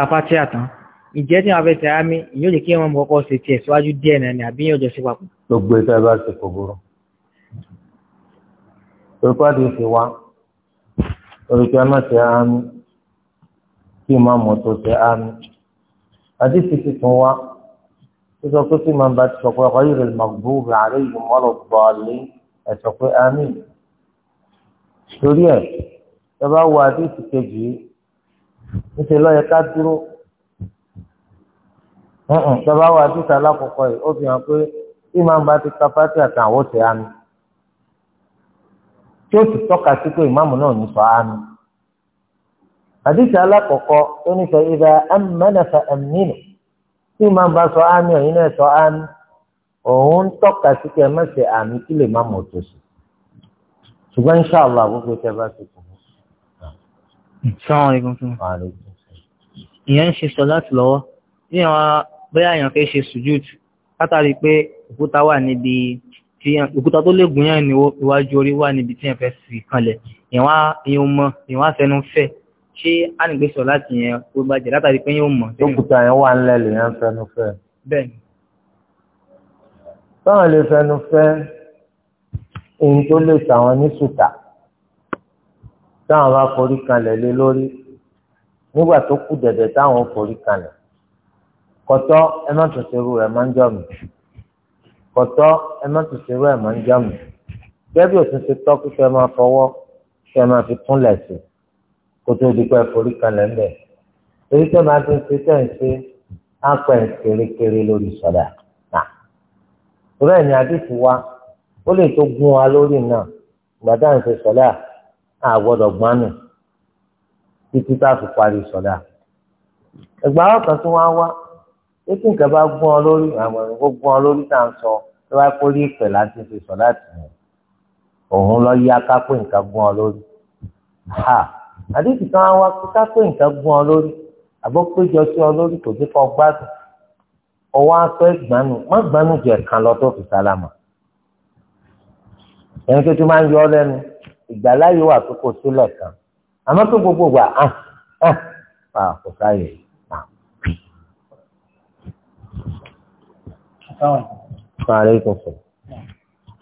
Àpáti àtàn, ìjẹ́ tí wọ́n fẹ́ ṣe àmì yóò jẹ́ kí wọ́n kọ́kọ́ ṣe tiẹ̀ síwájú díẹ̀ náà ni àbí yóò jọ sí papọ̀. Gbogbo ìta bá ṣe kò burú. Olùkọ́ni ti wá, olùkọ́ náà ṣe àmì kí máa mọ̀ tó ṣe àmì. Àdìsí ti tún wá, ó sọ pé kí máa bá ti sọ pé ọkọ̀ yìí rẹ̀ màgbó rẹ̀ àárẹ̀ yìí mọ́ lọ gbọ́ àlẹ́ ẹ̀sọ̀ pé àmì torí ẹ̀ ẹ bá wo àdéhùn kejì yìí níṣẹ́ lọ́yẹ ká dúró ẹ bá wo àdéhùn alákọ̀ọ́kọ́ yìí ó fi hàn pé bí màá bá ti ka pátí àtàwọn ti hàn tí ó sì tọ́ka sí pé ìmáàmù náà ní sọ hàn àdéhùn alákọ̀ọ́kọ́ tó ní sọ ìdá amánàfà ẹ̀mínú tí màá bá sọ hàn ẹ̀yin náà sọ hàn òun tọ́ka sí pé ẹ má kí lè má mọ̀ tó sùn ṣùgbọ́n insha Allah gbogbo tẹ bá ti kù. sọ́wọ́n aleykum fún mi. ìyẹn ń ṣe sọ láti lọ́wọ́ bí àwọn bóyá èèyàn fẹ́ ṣe sùjúd látàrí pé òkúta wà níbi tí òkúta tó lè gùn yàn níwájú orí wà níbi tí èèyàn fẹ́ sì kanlẹ̀ èèyàn mọ èèyàn àfẹnú fẹ́ ṣé á láti yẹn ó bàjẹ́ látàrí pé yóò mọ̀. òkúta yẹn wà ńlẹ̀ lè yẹn fẹnu fẹ́. bẹ́ẹ̀ni. báwọn lè fẹnu fẹ́ èyí tó lè sàwọn ní sùtà táwọn bá forí kanlẹ̀ lé lórí nígbà tó kù dẹ̀dẹ̀ táwọn forí kanlẹ̀ kọ̀tọ́ ẹ má tún ṣerú ẹ̀ máa ń jọ mi kọ̀tọ́ ẹ má tún ṣerú ẹ̀ máa ń jọ mi gẹ́gẹ́ bí òtún ṣe tọ́ pípẹ́ máa fọwọ́ kẹ́ máa fi túnlẹ̀ sí kó tó di pé forí kanlẹ̀ ń bẹ̀ èyí tó máa ti ṣe tẹ̀ ń ṣe á pẹ̀ kérékéré lórí sọ̀dà náà. ìrọ̀ ni adé ti wá ó lè tó gún wa lórí náà gbàdá ń ṣe sọlá àgbọ́dọ̀ gbánù títí tá a fi parí sọlá ẹgbà ọkàn tí wọn wá pé kí nǹkan bá gún ọ lórí àwọn ẹ̀rọ gún ọ lórí tá à ń sọ tó bá kó rí ìpè láti fi sọ láti yẹn òun lọ yá ká nǹkan gún ọ lórí ha àdéhùn kan wá ká pé nǹkan gún ọ lórí àbọ̀ péjọ sí ọ lórí kò dé kọ́ gbádùn ọwọ́ aṣọ ẹ̀gbánu má gbánu jẹ̀ kan lọ tó fi sálámà ẹni tó ti máa ń yọ ọ lẹ́nu ìgbàláyé wà tó kò sílẹ̀ kan àmọ́ tó gbogbo gbà hàn hàn kò sáyè.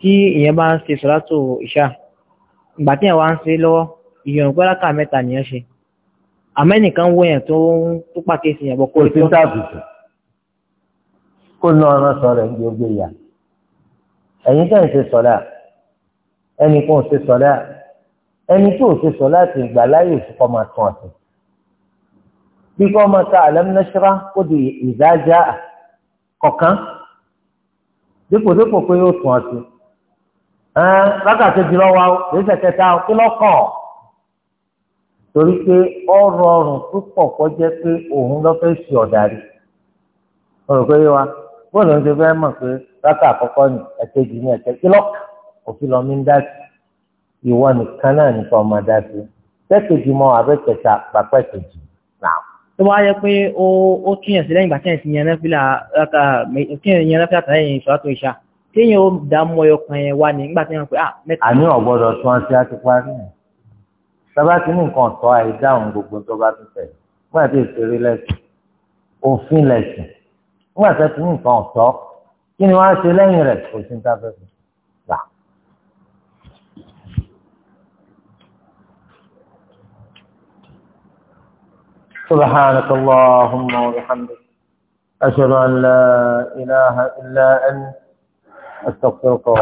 Tí ìyẹn bá ń ṣe sọ́látò ìṣá, ìgbà tí ìyẹn wá ń ṣe lọ́wọ́, ìyẹn ògbẹ́ láka mẹ́ta nìyẹn ṣe. Àmẹ́nìkan wọ èèyàn tó tó pàkíyèsí ìyẹn bọ̀ kó rí tó. Kò sí sáàbùsù. Kó ná ọ̀rán sọ̀rọ̀ ẹ̀ ń gbé ọgbẹ́ Ẹ̀yin tẹ̀ ṣe sọ̀rọ̀ à ẹnì kan ò ṣe sọlá ẹni tí ò ṣe sọlá ti gbà láyè òṣùpọ̀ máa tún ọ̀sẹ̀ bí kò máa ta alam nashra kó di ìdájà kọ̀ọ̀kan dípò dípò pé yóò tún ọ̀sẹ̀ ẹn lákàtí jùlọ wa lóṣẹ̀ kẹta kí lọ́kàn torí pé ọ rọrùn púpọ̀ kọjá pé òun lọ fẹ́ ṣe ọ̀darí mo pé yé wa bóòlù ń ṣe fẹ́ mọ̀ pé rákà àkọ́kọ́ ni ẹ̀kejì ni ẹ̀kẹ́ lọ́kàn òfin lọ́mí ń dá sí ìwọ nìkan náà nìkan ọmọ dá sí tẹ́kẹ̀jì mọ́ abẹ́kẹta pàpẹ́ kejì náà. tó bá yẹ pé ó ó kíyàn sí lẹ́yìn gbàtẹ́yìn sí yẹnẹ́fìlà kíyàn yẹnẹ́fìlà tàyẹ̀yìn ìṣọ́ àtò ìṣá téèyàn ó dààmú ọyọkàn yẹn wá ní nígbà tí wọ́n pè á mẹ́ta. àní ọ̀gbọ́dọ̀ tí wọ́n ti á ti parí ẹ̀ sábà tí ní nǹkan ọ̀tọ̀ àìdáhùn gbogbo tó bá ti tẹ̀ nígbà tí ìṣeré lẹ́sìn òfin lẹ́sìn nígbà tí ní nǹkan ọ̀tọ̀ kí ni wọ́n á ṣe lẹ́yìn rẹ̀ kò sí ní tá a fẹ́ سبحانك اللهم وبحمدك أشهد أن لا إله إلا أنت أستغفرك